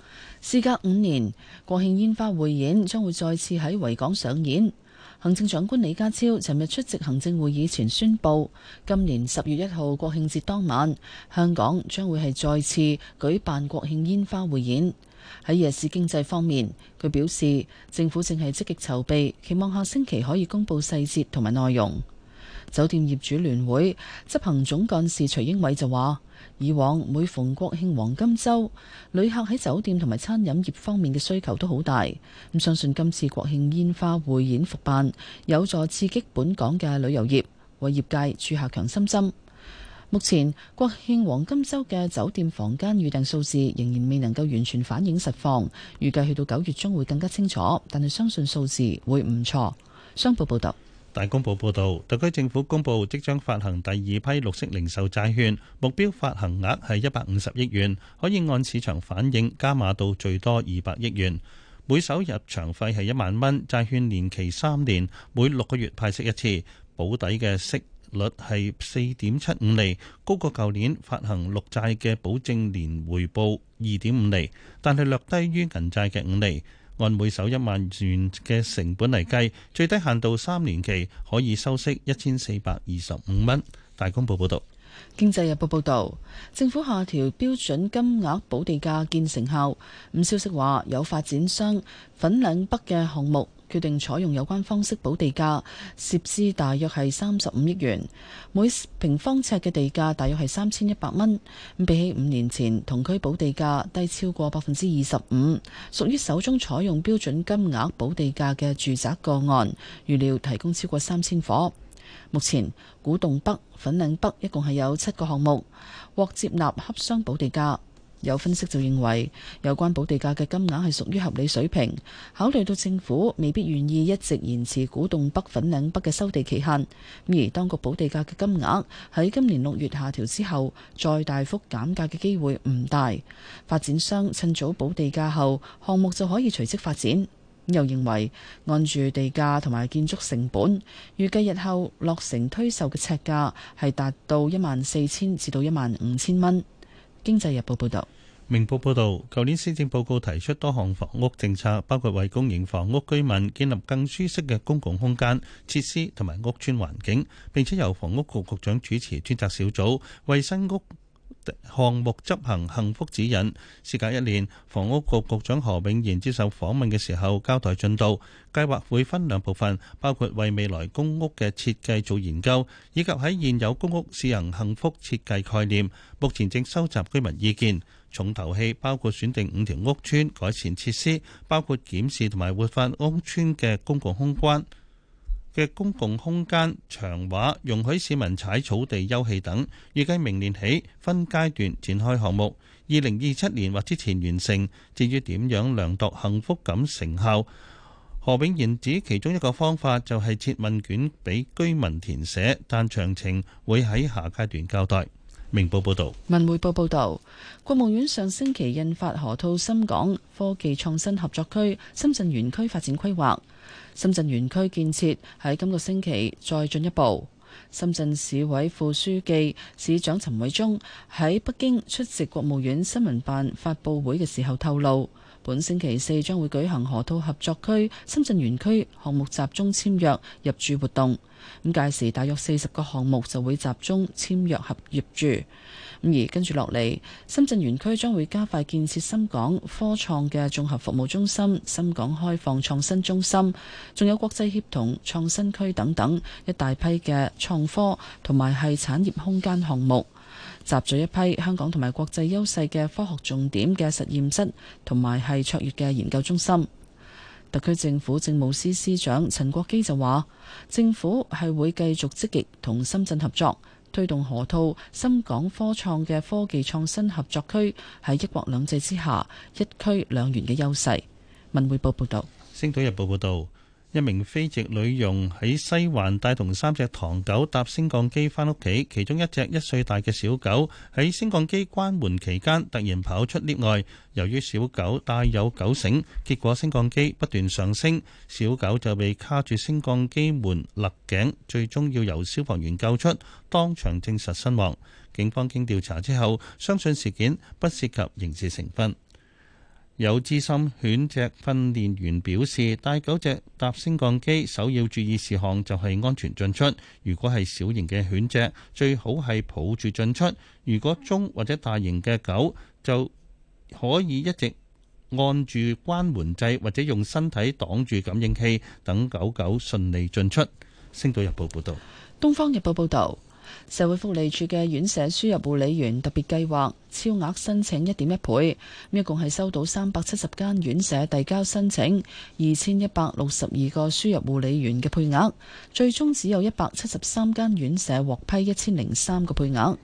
事隔五年，國慶煙花匯演將會再次喺維港上演。行政長官李家超尋日出席行政會議前宣布，今年十月一號國慶節當晚，香港將會係再次舉辦國慶煙花匯演。喺夜市經濟方面，佢表示政府正係積極籌備，期望下星期可以公布細節同埋內容。酒店業主聯會執行總幹事徐英偉就話：以往每逢國慶黃金週，旅客喺酒店同埋餐飲業方面嘅需求都好大，咁相信今次國慶煙花匯演復辦，有助刺激本港嘅旅遊業，為業界注入強心針。目前國慶黃金周嘅酒店房間預訂數字仍然未能夠完全反映實況，預計去到九月中會更加清楚，但係相信數字會唔錯。商報報道，大公報報道特區政府公布即將發行第二批綠色零售債券，目標發行額係一百五十億元，可以按市場反應加碼到最多二百億元。每手入場費係一萬蚊，債券年期三年，每六個月派息一次，保底嘅息率係四點七五厘，高過舊年發行綠債嘅保證年回報二點五厘，但係略低於銀債嘅五厘。按每手一萬元嘅成本嚟計，最低限度三年期可以收息一千四百二十五蚊。大公報報道，經濟日報報道，政府下調標準金額補地價見成效。唔消息話有發展商粉嶺北嘅項目。決定採用有關方式補地價，涉資大約係三十五億元，每平方尺嘅地價大約係三千一百蚊。比起五年前同區補地價低超過百分之二十五，屬於首宗採用標準金額補地價嘅住宅個案，預料提供超過三千夥。目前古洞北、粉嶺北一共係有七個項目獲接納洽商補地價。有分析就認為，有關補地價嘅金額係屬於合理水平。考慮到政府未必願意一直延遲古洞北粉嶺北嘅收地期限，而當局補地價嘅金額喺今年六月下調之後，再大幅減價嘅機會唔大。發展商趁早補地價後，項目就可以隨即發展。又認為按住地價同埋建築成本，預計日後落成推售嘅尺價係達到一萬四千至到一萬五千蚊。經濟日報報道，明報報道，舊年施政報告提出多項房屋政策，包括為公營房屋居民建立更舒適嘅公共空間設施同埋屋村環境，並且由房屋局局長主持專責小組，為新屋。項目執行幸福指引，事隔一年，房屋局局長何永賢接受訪問嘅時候交代進度，計劃會分兩部分，包括為未來公屋嘅設計做研究，以及喺現有公屋試行幸福設計概念。目前正收集居民意見，重頭戲包括選定五條屋邨改善設施，包括檢視同埋活化屋邨嘅公共空間。嘅公共空間，長畫容許市民踩草地休憩等，預計明年起分階段展開項目，二零二七年或之前完成。至於點樣量度幸福感成效，何永賢指其中一個方法就係設問卷俾居民填寫，但詳情會喺下階段交代。明報報導。文匯報報導，國務院上星期印發河套深港科技創新合作區深圳園區發展規劃。深圳園區建設喺今個星期再進一步。深圳市委副書記、市長陳偉忠喺北京出席國務院新聞辦發佈會嘅時候透露，本星期四將會舉行河套合作區深圳園區項目集中簽約入駐活動。咁屆時大約四十個項目就會集中簽約合入駐。咁而跟住落嚟，深圳園區將會加快建設深港科創嘅綜合服務中心、深港開放創新中心，仲有國際協同創新區等等一大批嘅創科同埋係產業空間項目，集聚一批香港同埋國際優勢嘅科學重點嘅實驗室同埋係卓越嘅研究中心。特區政府政務司司長陳國基就話，政府係會繼續積極同深圳合作。推動河套深港科創嘅科技創新合作區喺一國兩制之下，一區兩園嘅優勢。文匯報報道。星島日報報道。一名非籍女傭喺西環帶同三隻唐狗搭升降機返屋企，其中一隻一歲大嘅小狗喺升降機關門期間突然跑出 𨋢 外，由於小狗帶有狗繩，結果升降機不斷上升，小狗就被卡住升降機門勒頸，最終要由消防員救出，當場證實身亡。警方經調查之後，相信事件不涉及刑事成分。有資深犬隻訓練員表示，帶狗隻搭升降機，首要注意事項就係安全進出。如果係小型嘅犬隻，最好係抱住進出；如果中或者大型嘅狗，就可以一直按住關門掣，或者用身體擋住感應器，等狗狗順利進出。星島日報報道，東方日報報道。社會福利署嘅院舍輸入護理員特別計劃超額申請一點一倍，一共係收到三百七十間院舍遞交申請，二千一百六十二個輸入護理員嘅配額，最終只有一百七十三間院舍獲批一千零三個配額。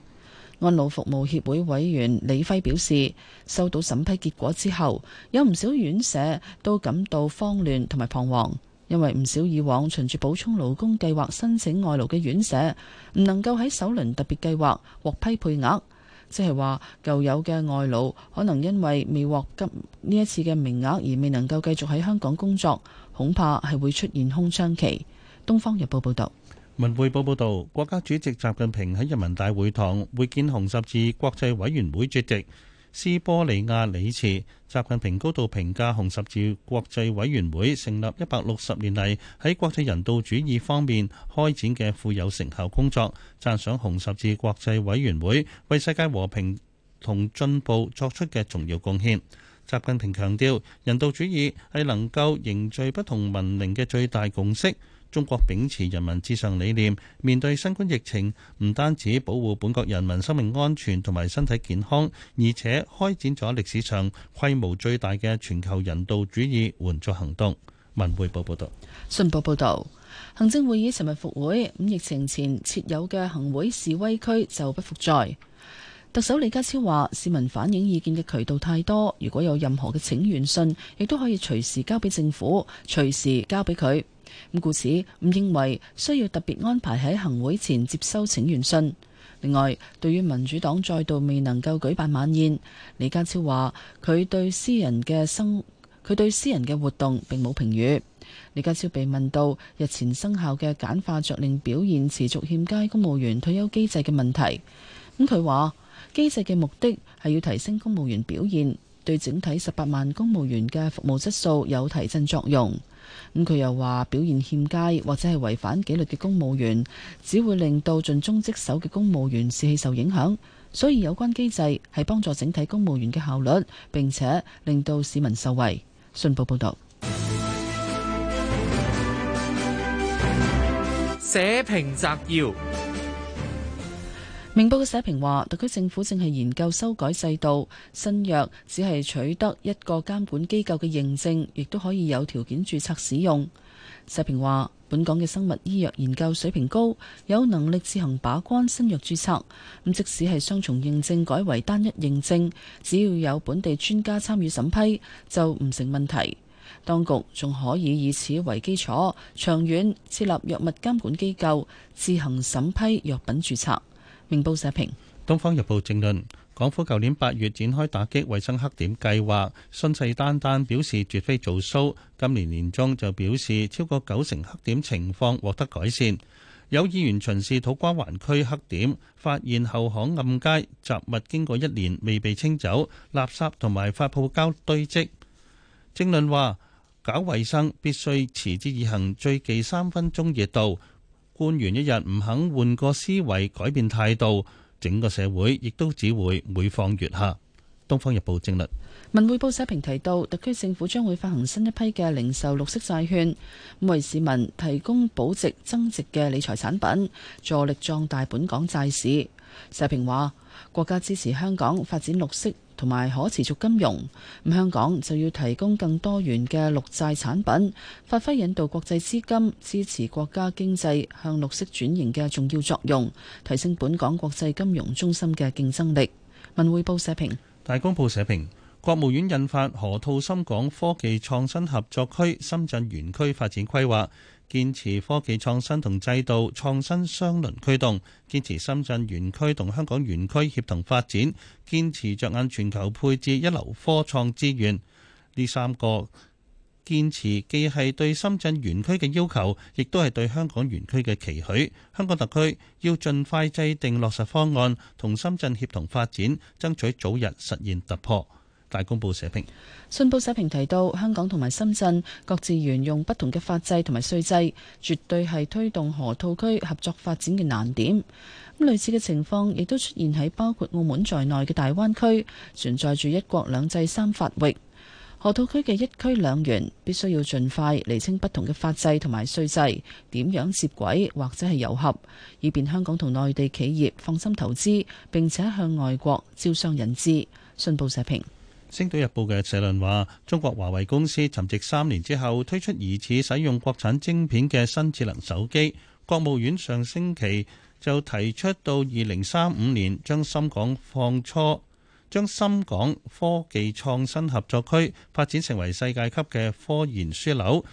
安老服務協會委員李輝表示，收到審批結果之後，有唔少院舍都感到慌亂同埋彷徨。因為唔少以往循住補充勞工計劃申請外勞嘅院舍，唔能夠喺首輪特別計劃獲批配額，即係話舊有嘅外勞可能因為未獲今呢一次嘅名額而未能夠繼續喺香港工作，恐怕係會出現空窗期。《東方日報》報道，《文匯報》報道，國家主席習近平喺人民大會堂會見紅十字國際委員會主席，斯波利亞里茨。習近平高度評價紅十字國際委員會成立一百六十年嚟喺國際人道主義方面開展嘅富有成效工作，讚賞紅十字國際委員會為世界和平同進步作出嘅重要貢獻。習近平強調，人道主義係能夠凝聚不同文明嘅最大共識。中國秉持人民至上理念，面對新冠疫情，唔單止保護本國人民生命安全同埋身體健康，而且開展咗歷史上規模最大嘅全球人道主義援助行動。文匯報報道。信報報道，行政會議尋日復會，咁疫情前設有嘅行會示威區就不復在。特首李家超話：市民反映意見嘅渠道太多，如果有任何嘅請願信，亦都可以隨時交俾政府，隨時交俾佢。故此，唔認為需要特別安排喺行會前接收請願信。另外，對於民主黨再度未能夠舉辦晚宴，李家超話佢對私人嘅生佢對私人嘅活動並冇評語。李家超被問到日前生效嘅簡化著令表現持續欠佳，公務員退休機制嘅問題，咁佢話機制嘅目的係要提升公務員表現，對整體十八萬公務員嘅服務質素有提振作用。咁佢又話表現欠佳或者係違反紀律嘅公務員，只會令到盡忠職守嘅公務員士氣受影響。所以有關機制係幫助整體公務員嘅效率，並且令到市民受惠。信報報道。社評摘要。明報嘅社評話，特區政府正係研究修改制度，新藥只係取得一個監管機構嘅認證，亦都可以有條件註冊使用。社評話，本港嘅生物醫藥研究水平高，有能力自行把關新藥註冊。咁即使係雙重認證改為單一認證，只要有本地專家參與審批，就唔成問題。當局仲可以以此為基礎，長遠設立藥物監管機構，自行審批藥品註冊。明報社評。《東方日報》正論：港府舊年八月展開打擊衞生黑點計劃，信誓旦旦表示絕非做騷，今年年中就表示超過九成黑點情況獲得改善。有議員巡視土瓜灣區黑點，發現後巷暗街雜物經過一年未被清走，垃圾同埋發泡膠堆積。正論話：搞衞生必須持之以恒，最忌三分鐘熱度。官員一日唔肯換個思維，改變態度，整個社會亦都只會每況愈下。東方日報正論，文匯報社評提到，特區政府將會發行新一批嘅零售綠色債券，為市民提供保值增值嘅理財產品，助力壯大本港債市。社評話，國家支持香港發展綠色。同埋可持續金融，咁香港就要提供更多元嘅綠債產品，發揮引導國際資金支持國家經濟向綠色轉型嘅重要作用，提升本港國際金融中心嘅競爭力。文匯報社評、大公報社評，國務院印發《河套深港科技創新合作區深圳園區發展規劃》。堅持科技創新同制度創新雙輪驅動，堅持深圳園區同香港園區協同發展，堅持着眼全球配置一流科創資源。呢三個堅持既係對深圳園區嘅要求，亦都係對香港園區嘅期許。香港特區要盡快制定落實方案，同深圳協同發展，爭取早日實現突破。大公報社評、信報社評提到，香港同埋深圳各自沿用不同嘅法制同埋稅制，絕對係推動河套區合作發展嘅難點，咁類似嘅情況亦都出現喺包括澳門在內嘅大灣區，存在住一國兩制三法域河套區嘅一區兩元，必須要盡快厘清不同嘅法制同埋稅制，點樣接軌或者係遊合，以便香港同內地企業放心投資，並且向外國招商引資。信報社評。星島日報嘅社論話，中國華為公司沉寂三年之後推出疑似使用國產晶片嘅新智能手機。國務院上星期就提出到二零三五年將深港放初，將深港科技創新合作區發展成為世界級嘅科研樞紐。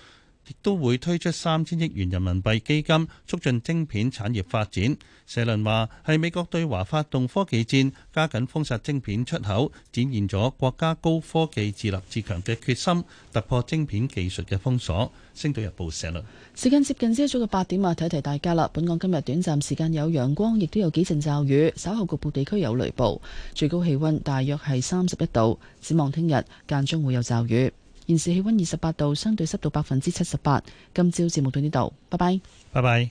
亦都會推出三千億元人民幣基金，促進晶片產業發展。社論話：係美國對華發動科技戰，加緊封殺晶片出口，展現咗國家高科技自立自強嘅決心，突破晶片技術嘅封鎖。星島日報社論。時間接近朝早嘅八點啊，提提大家啦。本港今日短暫時間有陽光，亦都有幾陣驟雨，稍後局部地區有雷暴。最高氣温大約係三十一度。展望聽日間中會有驟雨。現時氣溫二十八度，相對濕度百分之七十八。今朝節目到呢度，拜拜。拜拜。